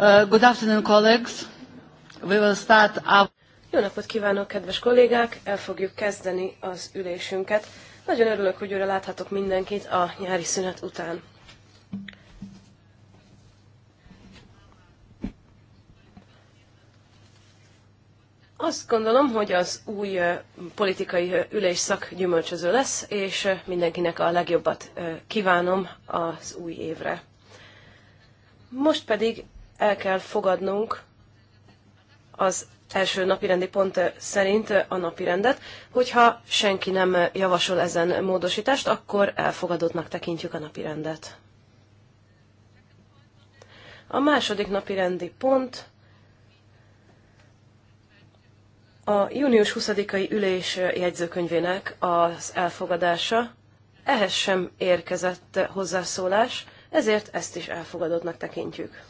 Uh, good afternoon, colleagues. We will start our... Jó napot kívánok, kedves kollégák! El fogjuk kezdeni az ülésünket. Nagyon örülök, hogy újra láthatok mindenkit a nyári szünet után. Azt gondolom, hogy az új uh, politikai uh, ülésszak gyümölcsöző lesz, és mindenkinek a legjobbat kívánom az új évre. Most pedig el kell fogadnunk az első napirendi pont szerint a napirendet. Hogyha senki nem javasol ezen módosítást, akkor elfogadottnak tekintjük a napirendet. A második napirendi pont a június 20-ai ülés jegyzőkönyvének az elfogadása. Ehhez sem érkezett hozzászólás, ezért ezt is elfogadottnak tekintjük.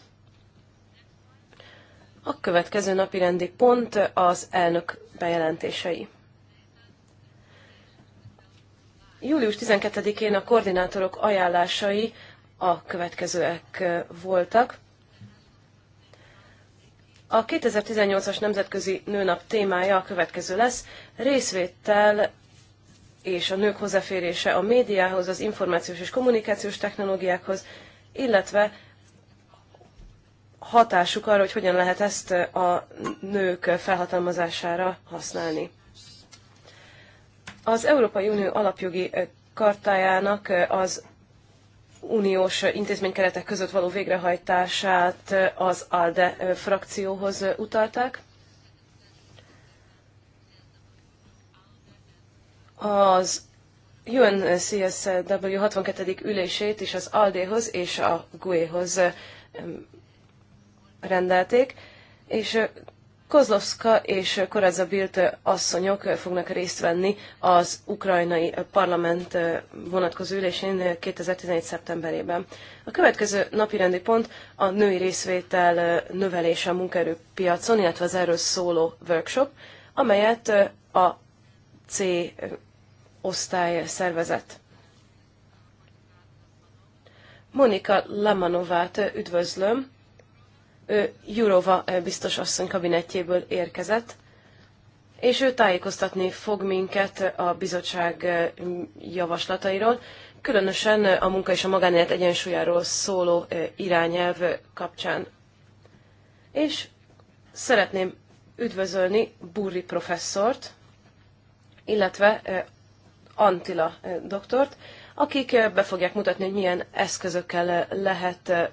A következő napi rendi pont az elnök bejelentései. Július 12-én a koordinátorok ajánlásai a következőek voltak. A 2018-as Nemzetközi Nőnap témája a következő lesz. Részvétel és a nők hozzáférése a médiához, az információs és kommunikációs technológiákhoz, illetve hatásuk arra, hogy hogyan lehet ezt eh, a nők felhatalmazására használni. Az Európai Unió alapjogi eh, kartájának eh, az uniós intézménykeretek között való végrehajtását az ALDE frakcióhoz utalták. Az UNCSW 62. ülését is az ALDE-hoz és a GUE-hoz rendelték, és Kozlovska és Koreza Bilt asszonyok fognak részt venni az ukrajnai parlament vonatkozó ülésén 2011. szeptemberében. A következő napirendi pont a női részvétel növelése a munkaerőpiacon, illetve az erről szóló workshop, amelyet a C osztály szervezett. Monika Lamanovát üdvözlöm, Jurova biztos asszony kabinetjéből érkezett, és ő tájékoztatni fog minket a bizottság javaslatairól, különösen a munka és a magánélet egyensúlyáról szóló irányelv kapcsán. És szeretném üdvözölni Burri professzort, illetve Antila doktort, akik eh, be fogják mutatni, hogy milyen eszközökkel eh, lehet eh,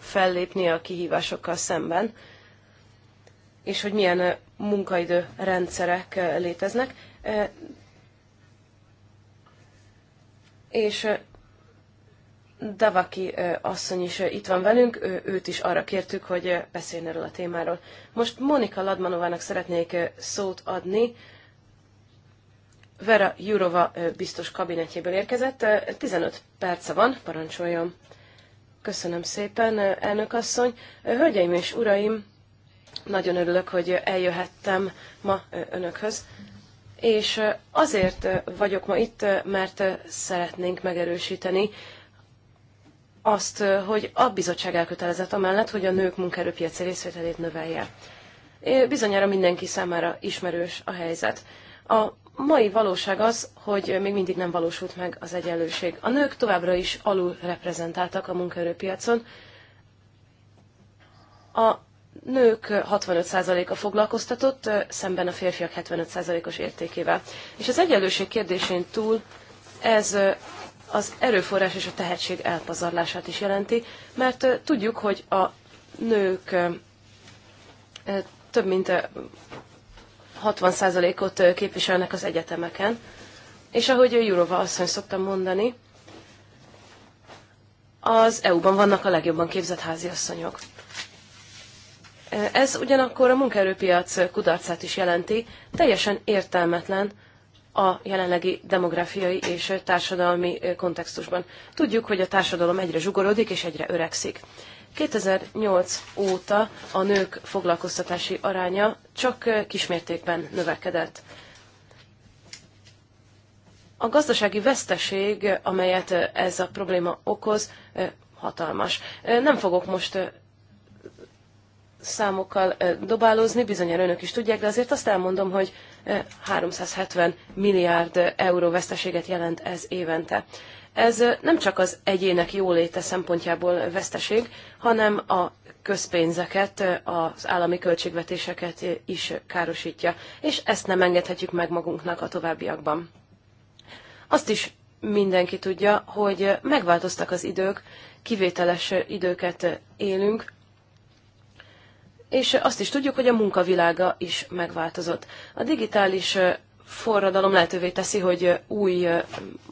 fellépni a kihívásokkal szemben, és hogy milyen munkaidő rendszerek léteznek. És Davaki asszony is itt van velünk, őt is arra kértük, hogy beszéljen erről a témáról. Most Monika Ladmanovának szeretnék szót adni, Vera Jurova biztos kabinetjéből érkezett. 15 perce van, parancsoljon. Köszönöm szépen, elnök asszony. Hölgyeim és uraim, nagyon örülök, hogy eljöhettem ma önökhöz. És azért vagyok ma itt, mert szeretnénk megerősíteni azt, hogy a bizottság elkötelezett amellett, hogy a nők munkaerőpiaci részvételét növelje. Bizonyára mindenki számára ismerős a helyzet. A mai valóság az, hogy még mindig nem valósult meg az egyenlőség. A nők továbbra is alul reprezentáltak a munkaerőpiacon. A nők 65%-a foglalkoztatott, szemben a férfiak 75%-os értékével. És az egyenlőség kérdésén túl ez az erőforrás és a tehetség elpazarlását is jelenti, mert tudjuk, hogy a nők eh, több mint eh, 60%-ot képviselnek az egyetemeken. És ahogy Jurova asszony szokta mondani, az EU-ban vannak a legjobban képzett háziasszonyok. Ez ugyanakkor a munkaerőpiac kudarcát is jelenti, teljesen értelmetlen a jelenlegi demográfiai és társadalmi kontextusban. Tudjuk, hogy a társadalom egyre zsugorodik és egyre öregszik. 2008 óta a nők foglalkoztatási aránya csak kismértékben növekedett. A gazdasági veszteség, amelyet ez a probléma okoz, hatalmas. Nem fogok most számokkal dobálózni, bizonyára önök is tudják, de azért azt elmondom, hogy 370 milliárd euró veszteséget jelent ez évente. Ez nem csak az egyének jóléte szempontjából veszteség, hanem a közpénzeket, az állami költségvetéseket is károsítja, és ezt nem engedhetjük meg magunknak a továbbiakban. Azt is mindenki tudja, hogy megváltoztak az idők, kivételes időket élünk, és azt is tudjuk, hogy a munkavilága is megváltozott. A digitális forradalom lehetővé teszi, hogy új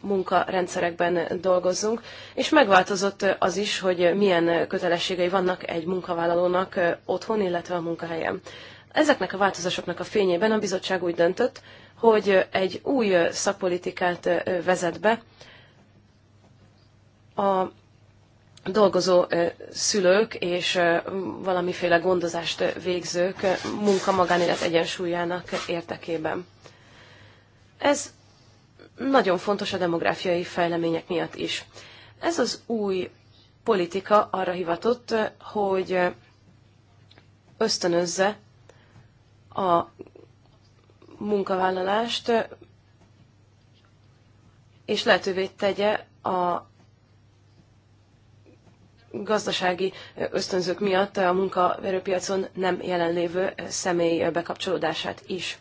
munkarendszerekben dolgozzunk, és megváltozott az is, hogy milyen kötelességei vannak egy munkavállalónak otthon, illetve a munkahelyen. Ezeknek a változásoknak a fényében a bizottság úgy döntött, hogy egy új szakpolitikát vezet be a dolgozó szülők és valamiféle gondozást végzők munka-magánélet egyensúlyának érdekében. Ez nagyon fontos a demográfiai fejlemények miatt is. Ez az új politika arra hivatott, hogy ösztönözze a munkavállalást, és lehetővé tegye a gazdasági ösztönzők miatt a munkaerőpiacon nem jelenlévő személy bekapcsolódását is.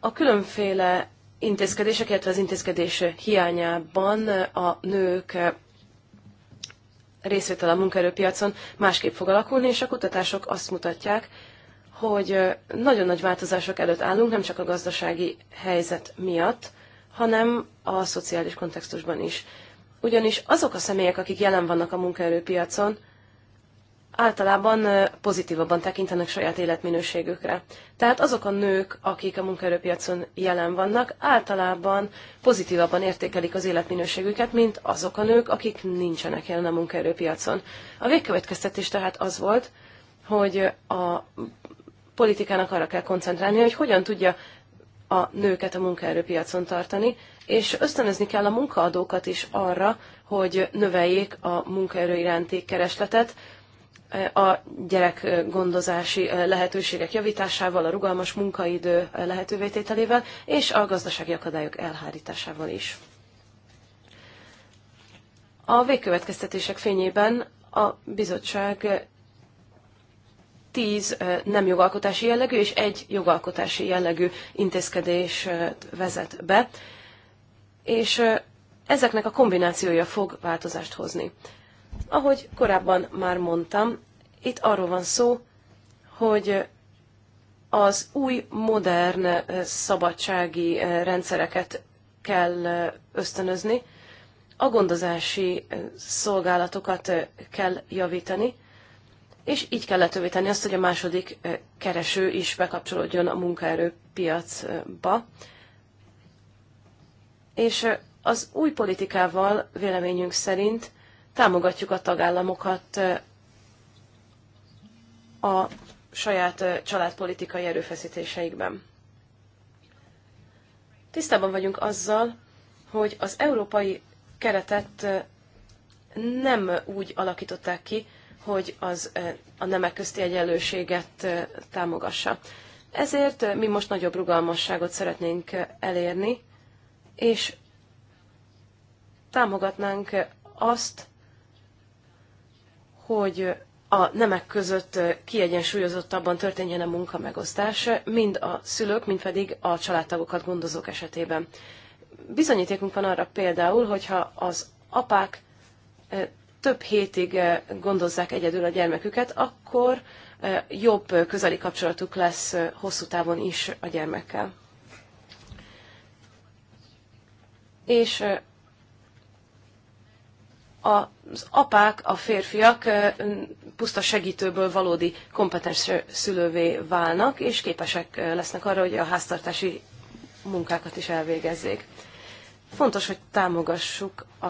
A különféle intézkedések, illetve az intézkedés hiányában a nők részvétel a munkaerőpiacon másképp fog alakulni, és a kutatások azt mutatják, hogy nagyon nagy változások előtt állunk, nem csak a gazdasági helyzet miatt, hanem a szociális kontextusban is. Ugyanis azok a személyek, akik jelen vannak a munkaerőpiacon, általában pozitívabban tekintenek saját életminőségükre. Tehát azok a nők, akik a munkaerőpiacon jelen vannak, általában pozitívabban értékelik az életminőségüket, mint azok a nők, akik nincsenek jelen a munkaerőpiacon. A végkövetkeztetés tehát az volt, hogy a politikának arra kell koncentrálni, hogy hogyan tudja a nőket a munkaerőpiacon tartani, és ösztönözni kell a munkaadókat is arra, hogy növeljék a munkaerő iránti keresletet, a gyerekgondozási lehetőségek javításával, a rugalmas munkaidő lehetővétételével és a gazdasági akadályok elhárításával is. A végkövetkeztetések fényében a bizottság tíz nem jogalkotási jellegű és egy jogalkotási jellegű intézkedés vezet be, és ezeknek a kombinációja fog változást hozni. Ahogy korábban már mondtam, itt arról van szó, hogy az új, modern eh, szabadsági eh, rendszereket kell eh, ösztönözni, a gondozási szolgálatokat kell javítani, és így kell lehetővé azt, hogy a második kereső is bekapcsolódjon a munkaerőpiacba. És az új politikával véleményünk szerint támogatjuk a tagállamokat a saját családpolitikai erőfeszítéseikben. Tisztában vagyunk azzal, hogy az európai keretet nem úgy alakították ki, hogy az a nemek közti egyenlőséget támogassa. Ezért mi most nagyobb rugalmasságot szeretnénk elérni, és támogatnánk azt, hogy a nemek között kiegyensúlyozottabban történjen a munka megosztás, mind a szülők, mind pedig a családtagokat gondozók esetében. Bizonyítékunk van arra például, hogyha az apák eh, több hétig eh, gondozzák egyedül a gyermeküket, akkor eh, jobb közeli kapcsolatuk lesz hosszú távon is a gyermekkel. És az apák, a férfiak puszta segítőből valódi kompetens szülővé válnak, és képesek lesznek arra, hogy a háztartási munkákat is elvégezzék. Fontos, hogy támogassuk a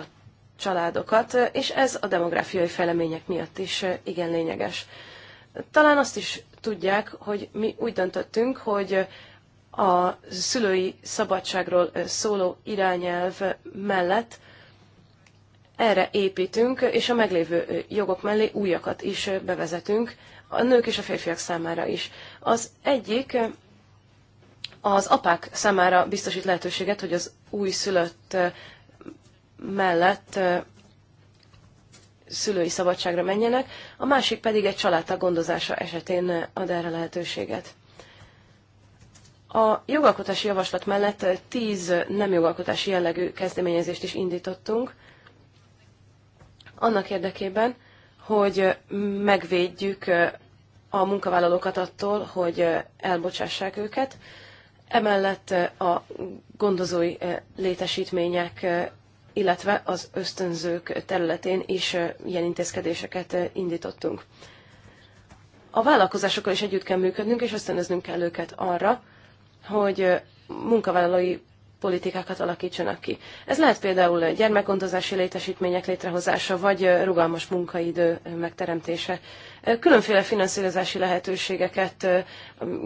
családokat, és ez a demográfiai fejlemények miatt is igen lényeges. Talán azt is tudják, hogy mi úgy döntöttünk, hogy a szülői szabadságról szóló irányelv mellett erre építünk, és a meglévő jogok mellé újakat is bevezetünk, a nők és a férfiak számára is. Az egyik az apák számára biztosít lehetőséget, hogy az újszülött mellett szülői szabadságra menjenek, a másik pedig egy családtag gondozása esetén ad erre lehetőséget. A jogalkotási javaslat mellett tíz nem jogalkotási jellegű kezdeményezést is indítottunk, annak érdekében, hogy megvédjük a munkavállalókat attól, hogy elbocsássák őket. Emellett a gondozói létesítmények, illetve az ösztönzők területén is ilyen intézkedéseket indítottunk. A vállalkozásokkal is együtt kell működnünk, és ösztönöznünk kell őket arra, hogy munkavállalói politikákat alakítsanak ki. Ez lehet például gyermekgondozási létesítmények létrehozása, vagy rugalmas munkaidő megteremtése. Különféle finanszírozási lehetőségeket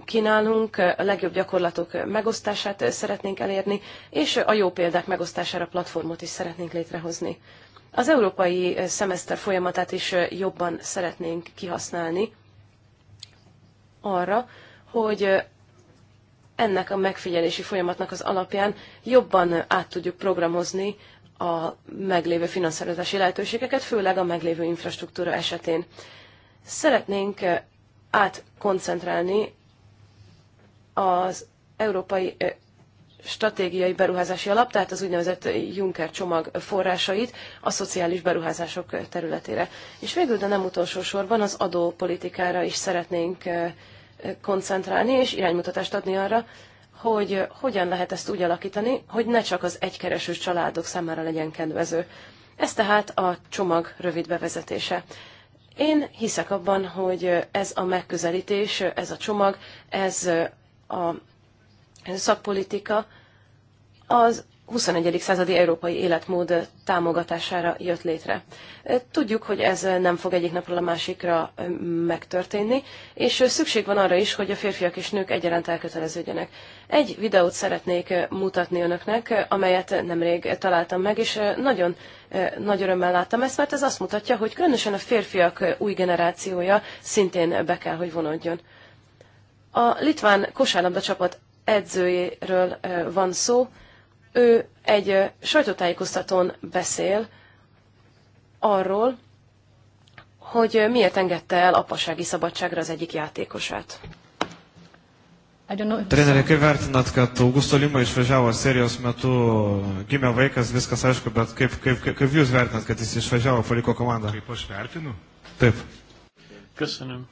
kínálunk, a legjobb gyakorlatok megosztását szeretnénk elérni, és a jó példák megosztására platformot is szeretnénk létrehozni. Az európai szemeszter folyamatát is jobban szeretnénk kihasználni arra, hogy ennek a megfigyelési folyamatnak az alapján jobban át tudjuk programozni a meglévő finanszírozási lehetőségeket, főleg a meglévő infrastruktúra esetén. Szeretnénk eh, átkoncentrálni az európai eh, stratégiai beruházási alap, tehát az úgynevezett Juncker csomag forrásait a szociális beruházások területére. És végül, de nem utolsó sorban az adópolitikára is szeretnénk eh, koncentrálni és iránymutatást adni arra, hogy hogyan lehet ezt úgy alakítani, hogy ne csak az egykeresős családok számára legyen kedvező. Ez tehát a csomag rövid bevezetése. Én hiszek abban, hogy ez a megközelítés, ez a csomag, ez a szakpolitika az 21. századi európai életmód támogatására jött létre. Tudjuk, hogy ez nem fog egyik napról a másikra megtörténni, és szükség van arra is, hogy a férfiak és nők egyaránt elköteleződjenek. Egy videót szeretnék mutatni önöknek, amelyet nemrég találtam meg, és nagyon nagy örömmel láttam ezt, mert ez azt mutatja, hogy különösen a férfiak új generációja szintén be kell, hogy vonodjon. A litván kosárlabda csapat edzőjéről van szó, ő egy sajtótájékoztatón beszél arról, hogy miért engedte el apasági szabadságra az egyik játékosát. Treneri, kaip vertinat, kad Augusto Lima išvažiavo serijos metu, gimė vaikas, viskas aišku, bet kaip, kaip, kaip jūs vertinat, kad jis išvažiavo, paliko komandą? Kaip aš vertinu? Taip. Köszönöm.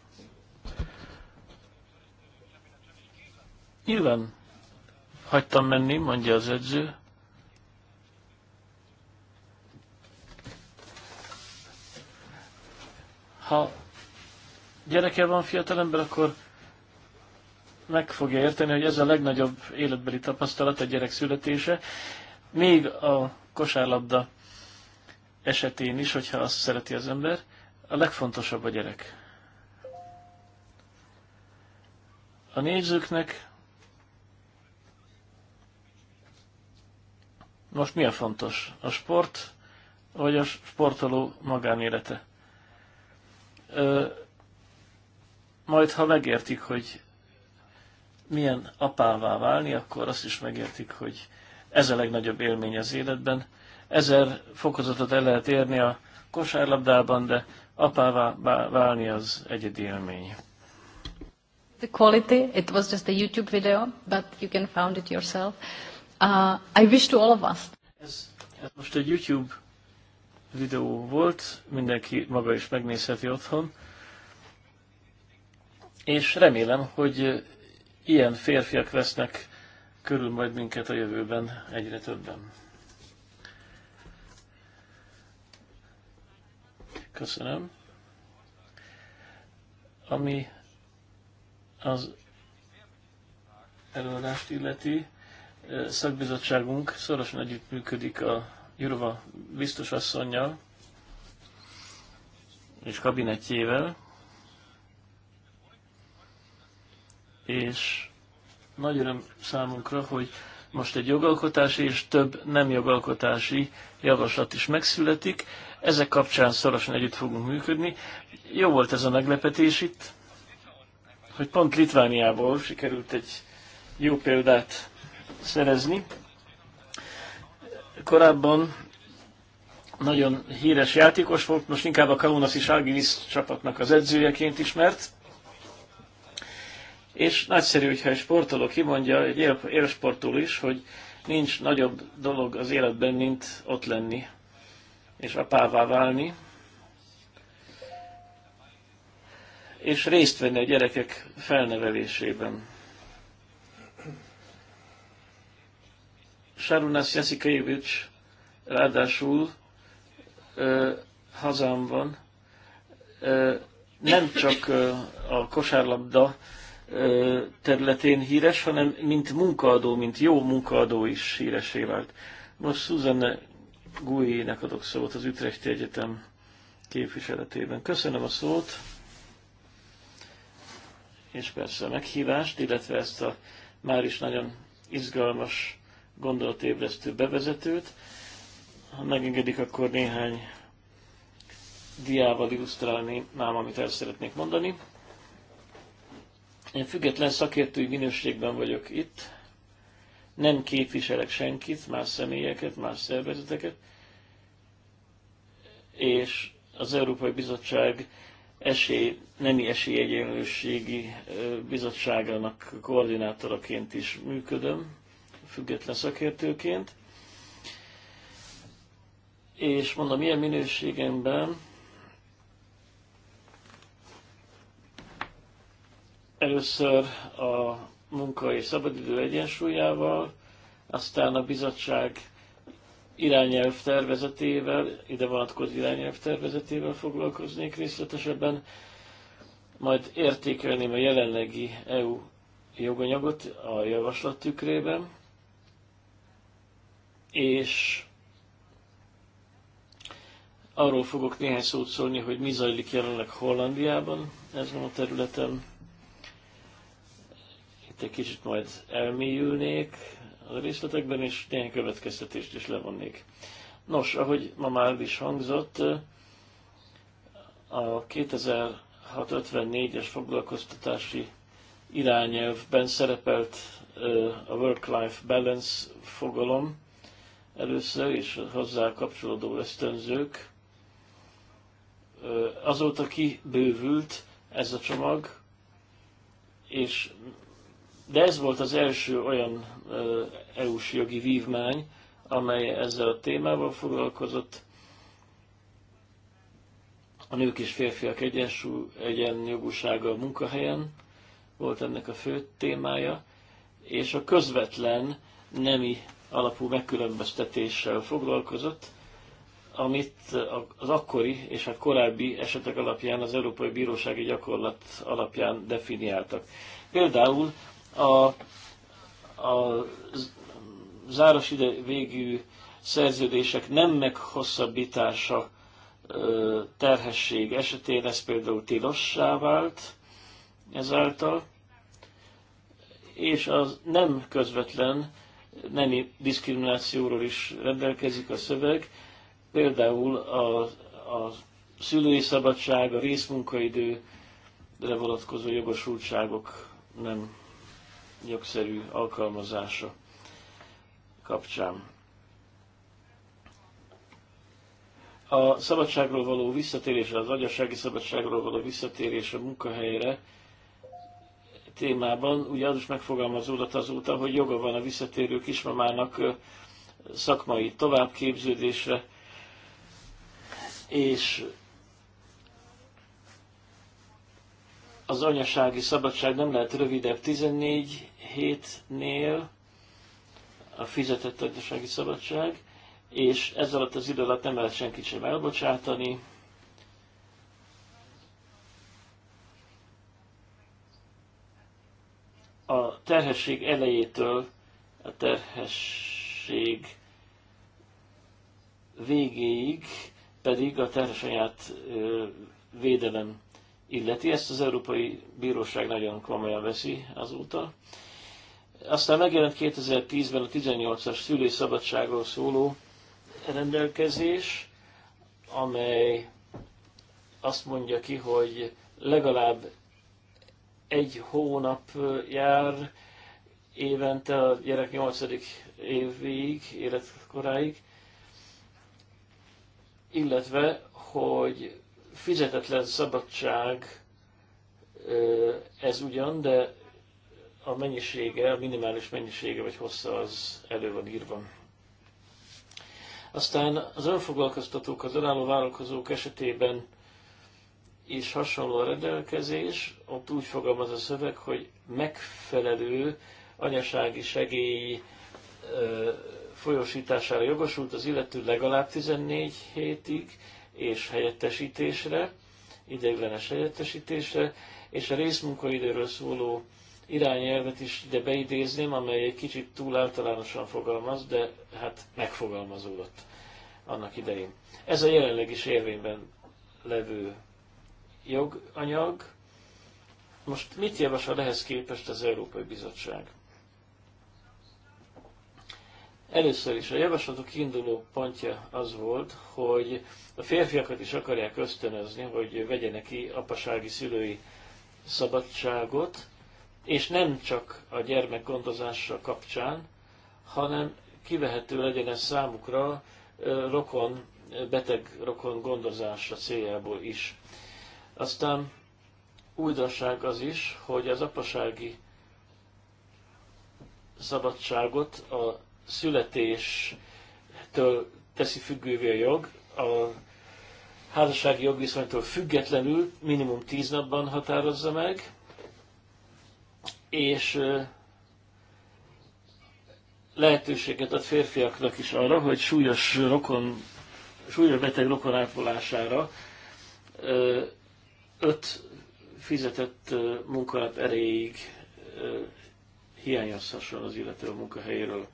Nyilván hagytam menni, mondja az edző. Ha gyereke van fiatalember, akkor meg fogja érteni, hogy ez a legnagyobb életbeli tapasztalat a gyerek születése. Még a kosárlabda esetén is, hogyha azt szereti az ember, a legfontosabb a gyerek. A nézőknek Most mi a fontos? A sport, vagy a sportoló magánélete? Ö, majd, ha megértik, hogy milyen apává válni, akkor azt is megértik, hogy ez a legnagyobb élmény az életben. Ezer fokozatot el lehet érni a kosárlabdában, de apává válni az egyedi élmény. The quality, it was just a YouTube video, but you can found it yourself. Uh, Uh, I wish to all of us. Ez, ez most egy YouTube videó volt, mindenki maga is megnézheti otthon, és remélem, hogy ilyen férfiak vesznek körül majd minket a jövőben egyre többen. Köszönöm. Ami az előadást illeti, szakbizottságunk szorosan együttműködik a Jurova biztosasszonynal és kabinetjével, és nagy öröm számunkra, hogy most egy jogalkotási és több nem jogalkotási javaslat is megszületik. Ezek kapcsán szorosan együtt fogunk működni. Jó volt ez a meglepetés itt, hogy pont Litvániából sikerült egy jó példát szerezni. Korábban nagyon híres játékos volt, most inkább a Kaunas és Algiris csapatnak az edzőjeként ismert. És nagyszerű, hogyha egy sportoló kimondja, egy élsportoló is, hogy nincs nagyobb dolog az életben, mint ott lenni és apává válni, és részt venni a gyerekek felnevelésében. Sarunas Jasikevics ráadásul ö, van, ö, nem csak ö, a kosárlabda ö, területén híres, hanem mint munkaadó, mint jó munkaadó is híresé vált. Most Susanne Gújének adok szót az Ütrechti Egyetem képviseletében. Köszönöm a szót, és persze a meghívást, illetve ezt a már is nagyon izgalmas gondolatébresztő bevezetőt. Ha megengedik, akkor néhány diával illusztrálni mám, amit el szeretnék mondani. Én független szakértői minőségben vagyok itt, nem képviselek senkit, más személyeket, más szervezeteket, és az Európai Bizottság esély, nemi esélyegyenlőségi bizottságának koordinátoraként is működöm független szakértőként, és mondom, ilyen minőségemben először a munka és szabadidő egyensúlyával, aztán a bizottság irányelv tervezetével, ide vonatkozó irányelv tervezetével foglalkoznék részletesebben, majd értékelném a jelenlegi EU joganyagot a javaslat tükrében, és arról fogok néhány szót szólni, hogy mi zajlik jelenleg Hollandiában ezen a területen. Itt egy kicsit majd elmélyülnék a részletekben, és néhány következtetést is levonnék. Nos, ahogy ma már is hangzott, a 2654-es foglalkoztatási irányelvben szerepelt a work-life balance fogalom, először, és hozzá kapcsolódó ösztönzők. Azóta kibővült ez a csomag, és de ez volt az első olyan EU-s jogi vívmány, amely ezzel a témával foglalkozott. A nők és férfiak egyensú, egyenjogúsága a munkahelyen volt ennek a fő témája, és a közvetlen nemi alapú megkülönböztetéssel foglalkozott, amit az akkori és a hát korábbi esetek alapján az Európai Bírósági Gyakorlat alapján definiáltak. Például a, a záros ide végű szerződések nem meghosszabbítása terhesség esetén ez például tilossá vált ezáltal, és az nem közvetlen nemi diszkriminációról is rendelkezik a szöveg, például a, a szülői szabadság, a részmunkaidőre vonatkozó jogosultságok nem jogszerű alkalmazása kapcsán. A szabadságról való visszatérés, az agyasági szabadságról való visszatérés a munkahelyre témában, ugye az is megfogalmazódott azóta, hogy joga van a visszatérő kismamának szakmai továbbképződésre, és az anyasági szabadság nem lehet rövidebb 14 hétnél, a fizetett anyasági szabadság, és ez alatt az idő alatt nem lehet senkit sem elbocsátani, terhesség elejétől a terhesség végéig pedig a terhesanyát védelem illeti. Ezt az Európai Bíróság nagyon komolyan veszi azóta. Aztán megjelent 2010-ben a 18-as szülői szabadságról szóló rendelkezés, amely azt mondja ki, hogy legalább egy hónap jár évente a gyerek 8. évig, életkoráig, illetve, hogy fizetetlen szabadság ez ugyan, de a mennyisége, a minimális mennyisége vagy hossza az elő van írva. Aztán az önfoglalkoztatók, az önálló vállalkozók esetében is hasonló a rendelkezés, ott úgy fogalmaz a szöveg, hogy megfelelő anyasági segély folyosítására jogosult az illető legalább 14 hétig, és helyettesítésre, ideiglenes helyettesítésre, és a részmunkaidőről szóló irányelvet is ide beidézném, amely egy kicsit túl általánosan fogalmaz, de hát megfogalmazódott annak idején. Ez a jelenleg is érvényben levő joganyag. Most mit javasol ehhez képest az Európai Bizottság? Először is a javaslatok kiinduló pontja az volt, hogy a férfiakat is akarják ösztönözni, hogy vegyenek ki apasági szülői szabadságot, és nem csak a gyermek gondozása kapcsán, hanem kivehető legyen ez számukra rokon, beteg rokon gondozása céljából is. Aztán újdonság az is, hogy az apasági szabadságot a születéstől teszi függővé a jog, a házassági jogviszonytól függetlenül minimum 10 napban határozza meg, és lehetőséget ad férfiaknak is arra, hogy súlyos rokon, súlyos beteg rokon ápolására öt fizetett munkanap erejéig hiányozhasson az illető a munkahelyéről.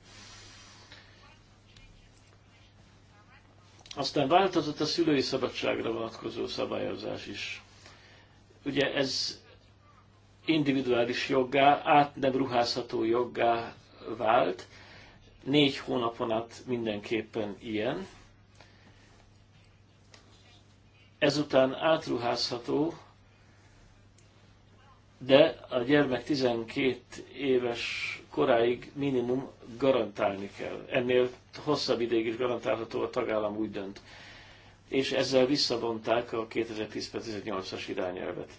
Aztán változott a szülői szabadságra vonatkozó szabályozás is. Ugye ez individuális joggá, át nem ruházható joggá vált, négy hónapon át mindenképpen ilyen, ezután átruházható, de a gyermek 12 éves koráig minimum garantálni kell. Ennél hosszabb ideig is garantálható, a tagállam úgy dönt. És ezzel visszavonták a 2010-18-as irányelvet.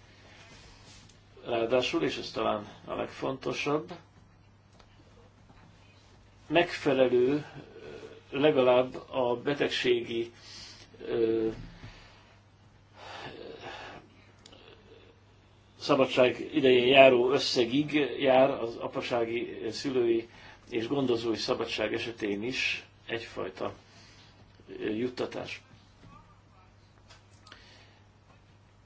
Ráadásul, és ez talán a legfontosabb, megfelelő legalább a betegségi szabadság idején járó összegig jár az apasági, szülői és gondozói szabadság esetén is egyfajta juttatás.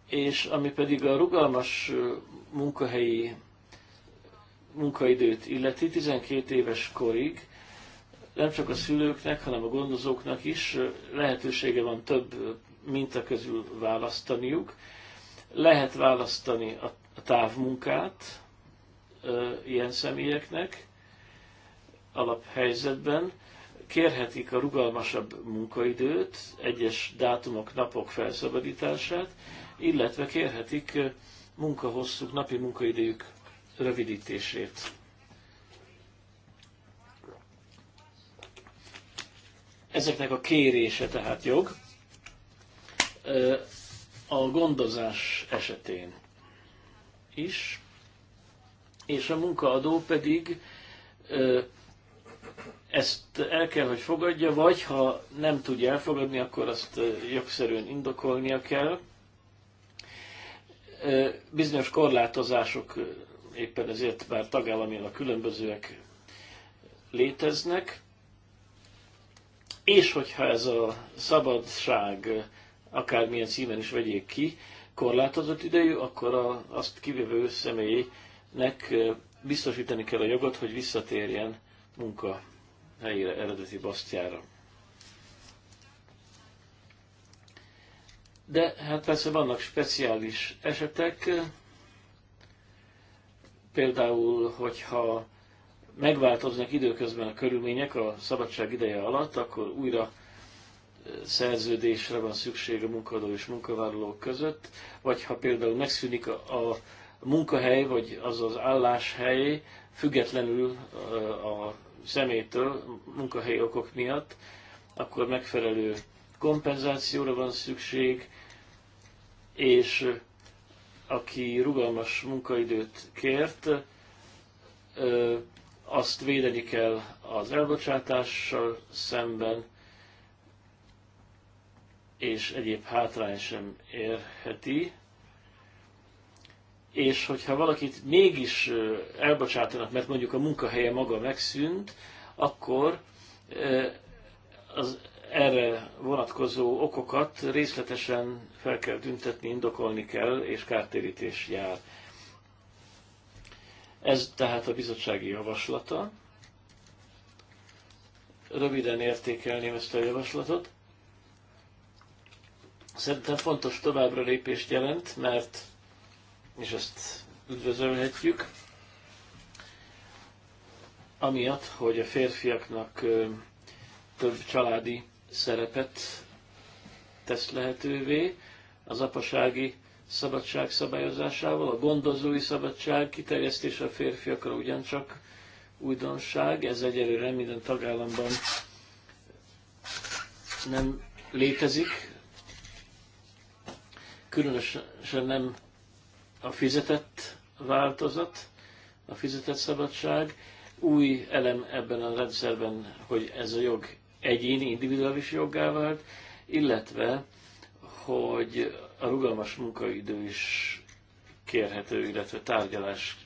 És ami pedig a rugalmas munkahelyi munkaidőt illeti, 12 éves korig nem csak a szülőknek, hanem a gondozóknak is lehetősége van több minta közül választaniuk lehet választani a távmunkát ilyen személyeknek alaphelyzetben, kérhetik a rugalmasabb munkaidőt, egyes dátumok, napok felszabadítását, illetve kérhetik munkahosszuk, napi munkaidőjük rövidítését. Ezeknek a kérése tehát jog a gondozás esetén is, és a munkaadó pedig ezt el kell, hogy fogadja, vagy ha nem tudja elfogadni, akkor azt jogszerűen indokolnia kell. Bizonyos korlátozások éppen ezért, bár tagállamilag különbözőek léteznek, és hogyha ez a szabadság akármilyen színen is vegyék ki, korlátozott idejű, akkor a, azt kivévő személynek biztosítani kell a jogot, hogy visszatérjen munka helyére, eredeti basztjára. De hát persze vannak speciális esetek, például, hogyha megváltoznak időközben a körülmények a szabadság ideje alatt, akkor újra szerződésre van szükség a munkadó és munkavállalók között, vagy ha például megszűnik a, a munkahely, vagy az az álláshely függetlenül a szemétől, munkahelyi okok miatt, akkor megfelelő kompenzációra van szükség, és aki rugalmas munkaidőt kért, azt védeni kell az elbocsátással szemben, és egyéb hátrány sem érheti. És hogyha valakit mégis elbocsátanak, mert mondjuk a munkahelye maga megszűnt, akkor az erre vonatkozó okokat részletesen fel kell tüntetni, indokolni kell, és kártérítés jár. Ez tehát a bizottsági javaslata. Röviden értékelném ezt a javaslatot. Szerintem fontos továbbra lépést jelent, mert, és ezt üdvözölhetjük, amiatt, hogy a férfiaknak több családi szerepet tesz lehetővé az apasági szabadság szabályozásával, a gondozói szabadság kiterjesztése a férfiakra ugyancsak újdonság, ez egyelőre minden tagállamban nem létezik, különösen nem a fizetett változat, a fizetett szabadság. Új elem ebben a rendszerben, hogy ez a jog egyéni, individuális joggá vált, illetve, hogy a rugalmas munkaidő is kérhető, illetve tárgyalás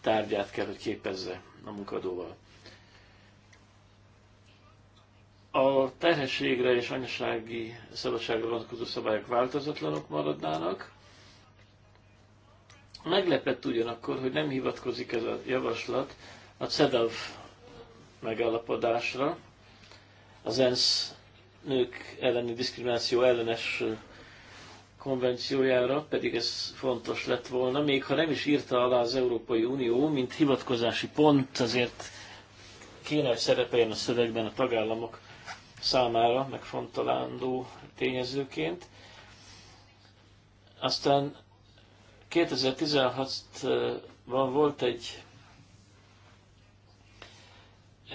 tárgyát kell, hogy képezze a munkadóval. a terhességre és anyasági szabadságra vonatkozó szabályok változatlanok maradnának. Meglepett ugyanakkor, hogy nem hivatkozik ez a javaslat a CEDAV megállapodásra, az ENSZ nők elleni diszkrimináció ellenes konvenciójára, pedig ez fontos lett volna, még ha nem is írta alá az Európai Unió, mint hivatkozási pont, azért kéne, hogy szerepeljen a szövegben a tagállamok számára megfontolandó tényezőként. Aztán 2016-ban volt egy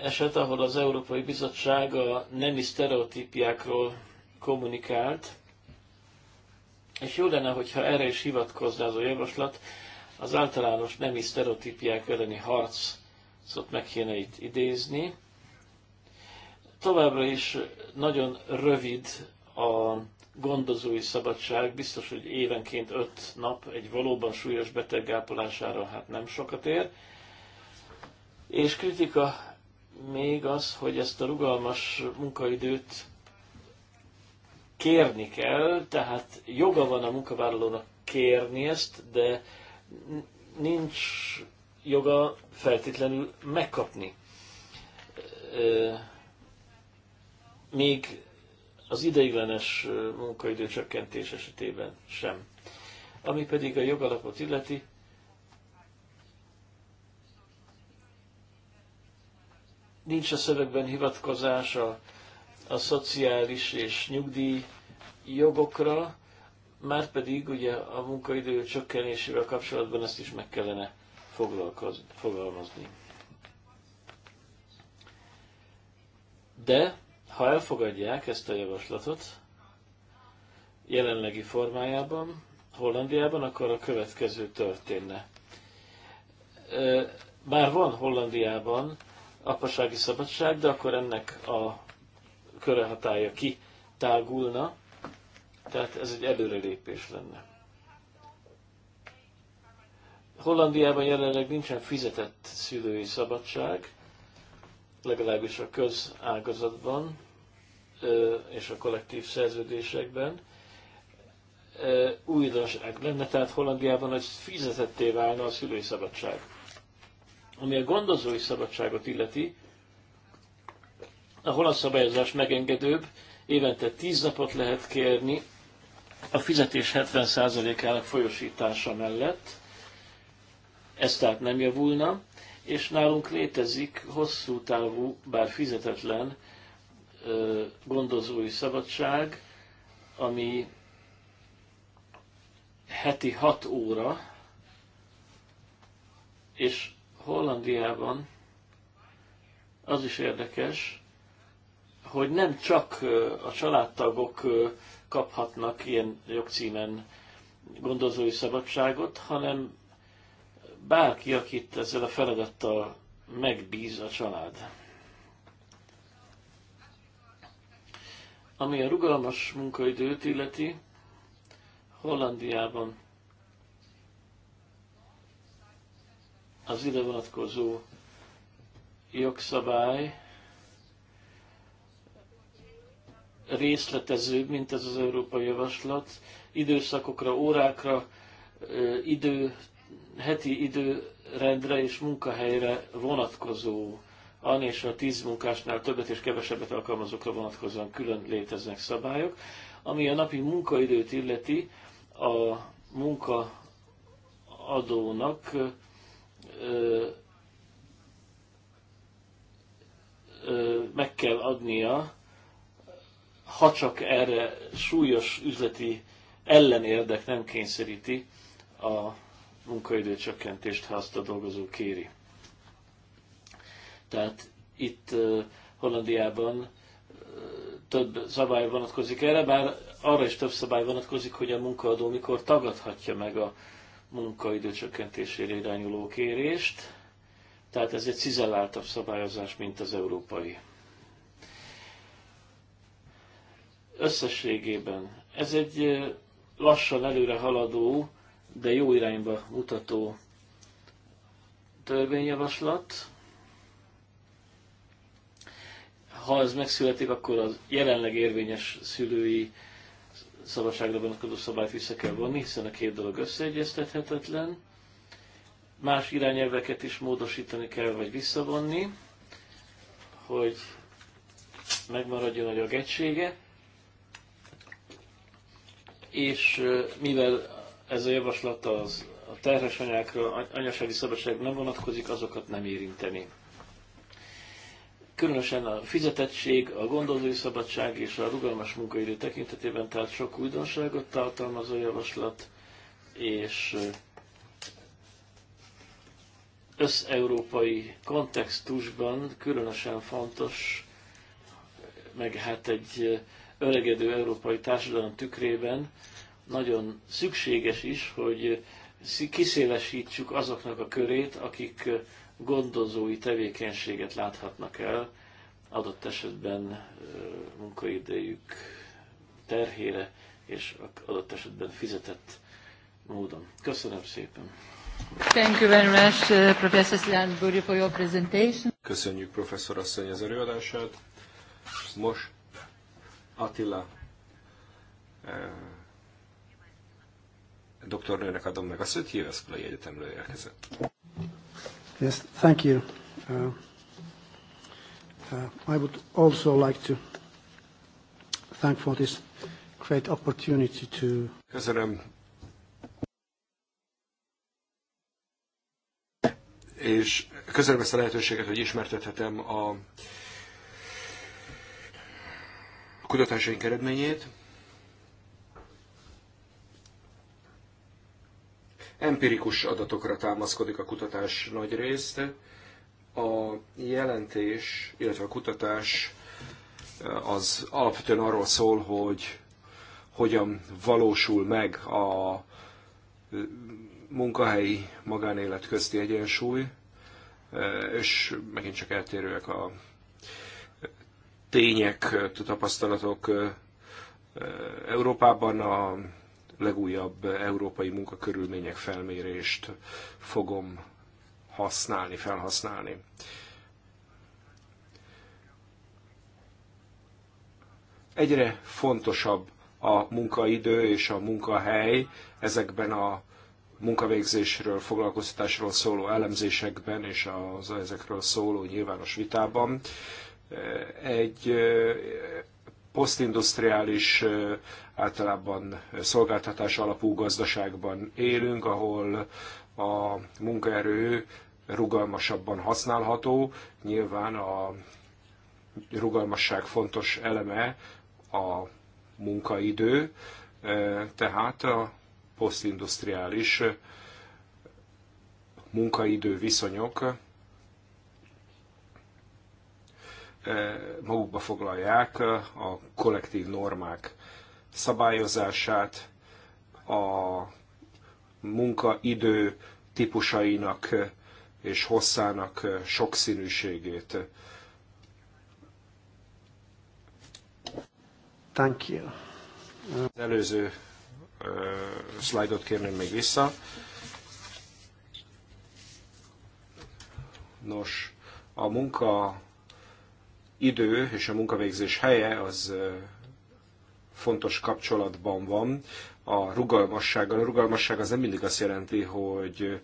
eset, ahol az Európai Bizottság a nemi sztereotípiákról kommunikált, és jó lenne, hogyha erre is hivatkozna az a javaslat, az általános nemi sztereotípiák elleni szóval meg kéne itt idézni. Továbbra is nagyon rövid a gondozói szabadság, biztos, hogy évenként öt nap egy valóban súlyos beteg ápolására hát nem sokat ér. És kritika még az, hogy ezt a rugalmas munkaidőt kérni kell, tehát joga van a munkavállalónak kérni ezt, de nincs joga feltétlenül megkapni még az ideiglenes munkaidő csökkentés esetében sem. Ami pedig a jogalapot illeti, nincs a szövegben hivatkozás a, a szociális és nyugdíj jogokra, már pedig ugye a munkaidő csökkenésével kapcsolatban ezt is meg kellene fogalmazni. De ha elfogadják ezt a javaslatot jelenlegi formájában, Hollandiában, akkor a következő történne. Bár van Hollandiában apasági szabadság, de akkor ennek a körehatája kitágulna, tehát ez egy előrelépés lenne. Hollandiában jelenleg nincsen fizetett szülői szabadság, legalábbis a közágazatban és a kollektív szerződésekben újdonság lenne, tehát Hollandiában ez fizetetté válna a szülői szabadság. Ami a gondozói szabadságot illeti, a holland szabályozás megengedőbb, évente 10 napot lehet kérni a fizetés 70%-ának folyosítása mellett, ez tehát nem javulna és nálunk létezik hosszú távú, bár fizetetlen gondozói szabadság, ami heti 6 óra, és Hollandiában az is érdekes, hogy nem csak a családtagok kaphatnak ilyen jogcímen gondozói szabadságot, hanem bárki, akit ezzel a feladattal megbíz a család. Ami a rugalmas munkaidőt illeti, Hollandiában az ide vonatkozó jogszabály részletezőbb, mint ez az európai javaslat. Időszakokra, órákra, idő heti időrendre és munkahelyre vonatkozó an és a tíz munkásnál többet és kevesebbet alkalmazókra vonatkozóan külön léteznek szabályok. Ami a napi munkaidőt illeti, a munkaadónak ö, ö, meg kell adnia, ha csak erre súlyos üzleti ellenérdek nem kényszeríti a munkaidőcsökkentést, ha azt a dolgozó kéri. Tehát itt Hollandiában több szabály vonatkozik erre, bár arra is több szabály vonatkozik, hogy a munkaadó mikor tagadhatja meg a munkaidő csökkentésére irányuló kérést. Tehát ez egy cizelláltabb szabályozás, mint az európai. Összességében ez egy lassan előre haladó de jó irányba mutató törvényjavaslat. Ha ez megszületik, akkor az jelenleg érvényes szülői szabadságra vonatkozó szabályt vissza kell vonni, hiszen a két dolog összeegyeztethetetlen. Más irányelveket is módosítani kell, vagy visszavonni, hogy megmaradjon a jogegysége. És mivel ez a javaslat az a terhes anyákra, anyasági szabadság nem vonatkozik, azokat nem érinteni. Különösen a fizetettség, a gondozói szabadság és a rugalmas munkaidő tekintetében, tehát sok újdonságot tartalmaz a javaslat, és összeurópai kontextusban különösen fontos, meg hát egy öregedő európai társadalom tükrében, nagyon szükséges is, hogy kiszélesítsük azoknak a körét, akik gondozói tevékenységet láthatnak el, adott esetben munkaidejük terhére, és adott esetben fizetett módon. Köszönöm szépen! Thank you very much, uh, Professor Slandbury, for your presentation. Köszönjük professzor asszony az előadását. Most Attila uh, doktornőnek adom meg a szót, Jöveszkolai Egyetemről érkezett. Yes, thank you. Uh, uh, I would also like to thank for this great opportunity to... Köszönöm. És köszönöm ezt a lehetőséget, hogy ismertethetem a kutatásaink eredményét. Empirikus adatokra támaszkodik a kutatás nagy részt. A jelentés, illetve a kutatás eh, az alapvetően arról szól, hogy hogyan valósul meg a eh, munkahelyi magánélet közti egyensúly, eh, és megint csak eltérőek a tények, tapasztalatok Európában a legújabb európai munkakörülmények felmérést fogom használni, felhasználni. Egyre fontosabb a munkaidő és a munkahely ezekben a munkavégzésről, foglalkoztatásról szóló elemzésekben és az ezekről szóló nyilvános vitában. Egy posztindustriális, általában szolgáltatás alapú gazdaságban élünk, ahol a munkaerő rugalmasabban használható. Nyilván a rugalmasság fontos eleme a munkaidő, tehát a posztindustriális munkaidő viszonyok magukba foglalják a kollektív normák szabályozását, a munkaidő típusainak és hosszának sokszínűségét. Thank you. Az előző uh, szlájdot kérném még vissza. Nos, a munka idő és a munkavégzés helye az fontos kapcsolatban van a rugalmassággal. A rugalmasság az nem mindig azt jelenti, hogy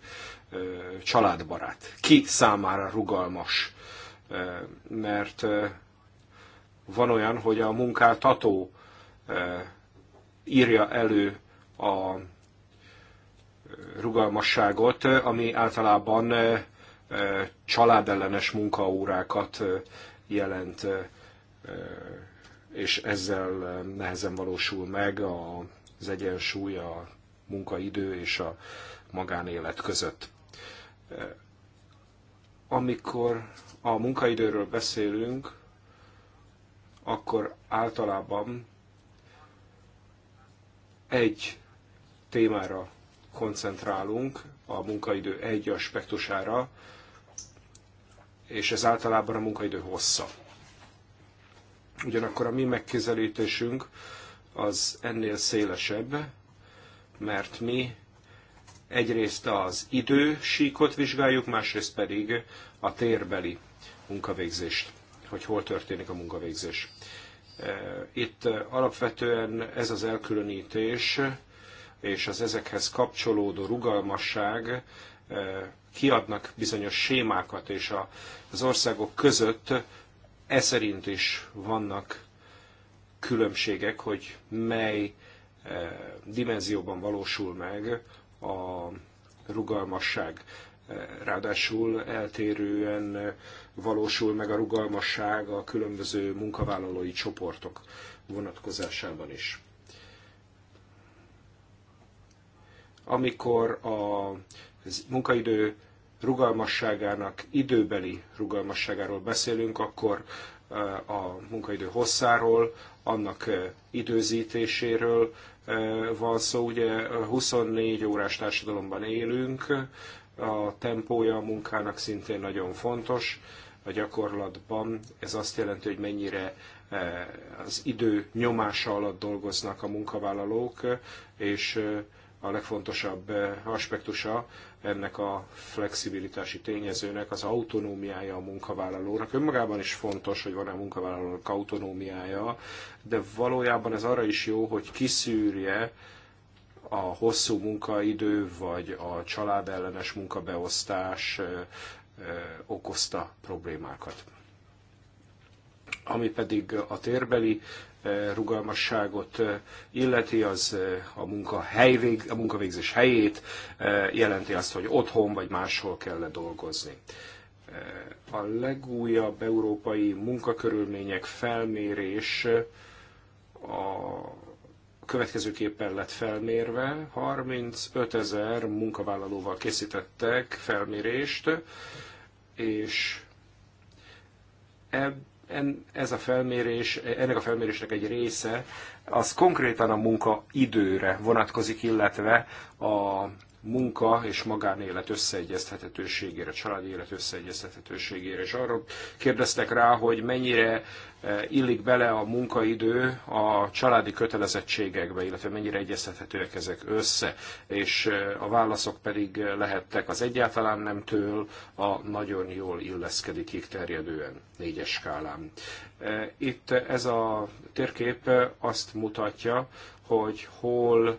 családbarát. Ki számára rugalmas? Mert van olyan, hogy a munkáltató írja elő a rugalmasságot, ami általában családellenes munkaórákat jelent, és ezzel nehezen valósul meg az egyensúly a munkaidő és a magánélet között. Amikor a munkaidőről beszélünk, akkor általában egy témára koncentrálunk, a munkaidő egy aspektusára, és ez általában a munkaidő hossza. Ugyanakkor a mi megközelítésünk az ennél szélesebb, mert mi egyrészt az idősíkot vizsgáljuk, másrészt pedig a térbeli munkavégzést, hogy hol történik a munkavégzés. E, itt alapvetően ez az elkülönítés és az ezekhez kapcsolódó rugalmasság e, kiadnak bizonyos sémákat, és a, az országok között e szerint is vannak különbségek, hogy mely e, dimenzióban valósul meg a rugalmasság. E, ráadásul eltérően valósul meg a rugalmasság a különböző munkavállalói csoportok vonatkozásában is. Amikor a munkaidő rugalmasságának, időbeli rugalmasságáról beszélünk, akkor eh, a munkaidő hosszáról, annak eh, időzítéséről eh, van szó. Ugye 24 órás társadalomban élünk, a tempója a munkának szintén nagyon fontos a gyakorlatban. Ez azt jelenti, hogy mennyire az idő nyomása alatt dolgoznak a munkavállalók, és a legfontosabb eh, aspektusa ennek a flexibilitási tényezőnek az autonómiája a munkavállalónak. Önmagában is fontos, hogy van-e a munkavállalónak autonómiája, de valójában ez arra is jó, hogy kiszűrje a hosszú munkaidő vagy a családellenes munkabeosztás eh, eh, okozta problémákat. Ami pedig a térbeli eh, rugalmasságot eh, illeti, az eh, a, munka helyvég, a munkavégzés helyét jelenti azt, hogy otthon vagy máshol kell -e dolgozni. A legújabb európai munkakörülmények felmérés a következőképpen lett felmérve, 35 ezer munkavállalóval készítettek felmérést, és ebb en, ez a felmérés, ennek a felmérésnek egy része, az konkrétan a munkaidőre vonatkozik, illetve a munka és magánélet összeegyeztethetőségére, családi élet összeegyeztethetőségére. És arra kérdeztek rá, hogy mennyire e, illik bele a munkaidő a családi kötelezettségekbe, illetve mennyire egyeztethetőek ezek össze. És e, a válaszok pedig lehettek az egyáltalán nemtől a nagyon jól illeszkedikig terjedően négyes skálán. E, itt ez a térkép azt mutatja, hogy hol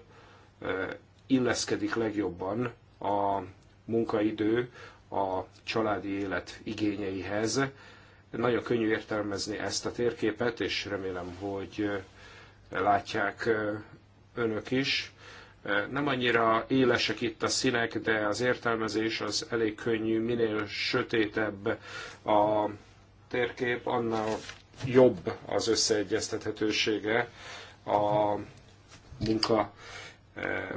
illeszkedik legjobban a munkaidő a családi élet igényeihez. Nagyon könnyű értelmezni ezt a térképet, és remélem, hogy látják önök is. Nem annyira élesek itt a színek, de az értelmezés az elég könnyű. Minél sötétebb a térkép, annál jobb az összeegyeztethetősége a munka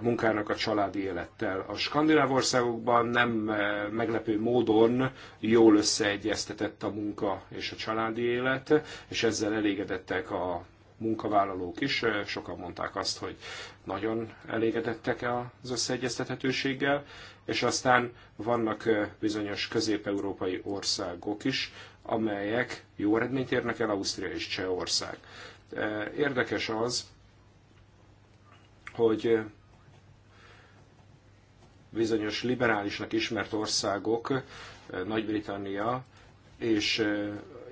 munkának a családi élettel. A skandináv országokban nem eh, meglepő módon jól összeegyeztetett a munka és a családi élet, és ezzel elégedettek a munkavállalók is. Eh, sokan mondták azt, hogy nagyon elégedettek az összeegyeztethetőséggel, és aztán vannak eh, bizonyos közép-európai országok is, amelyek jó eredményt érnek el, Ausztria és Csehország. Érdekes az, hogy bizonyos liberálisnak ismert országok, Nagy-Britannia és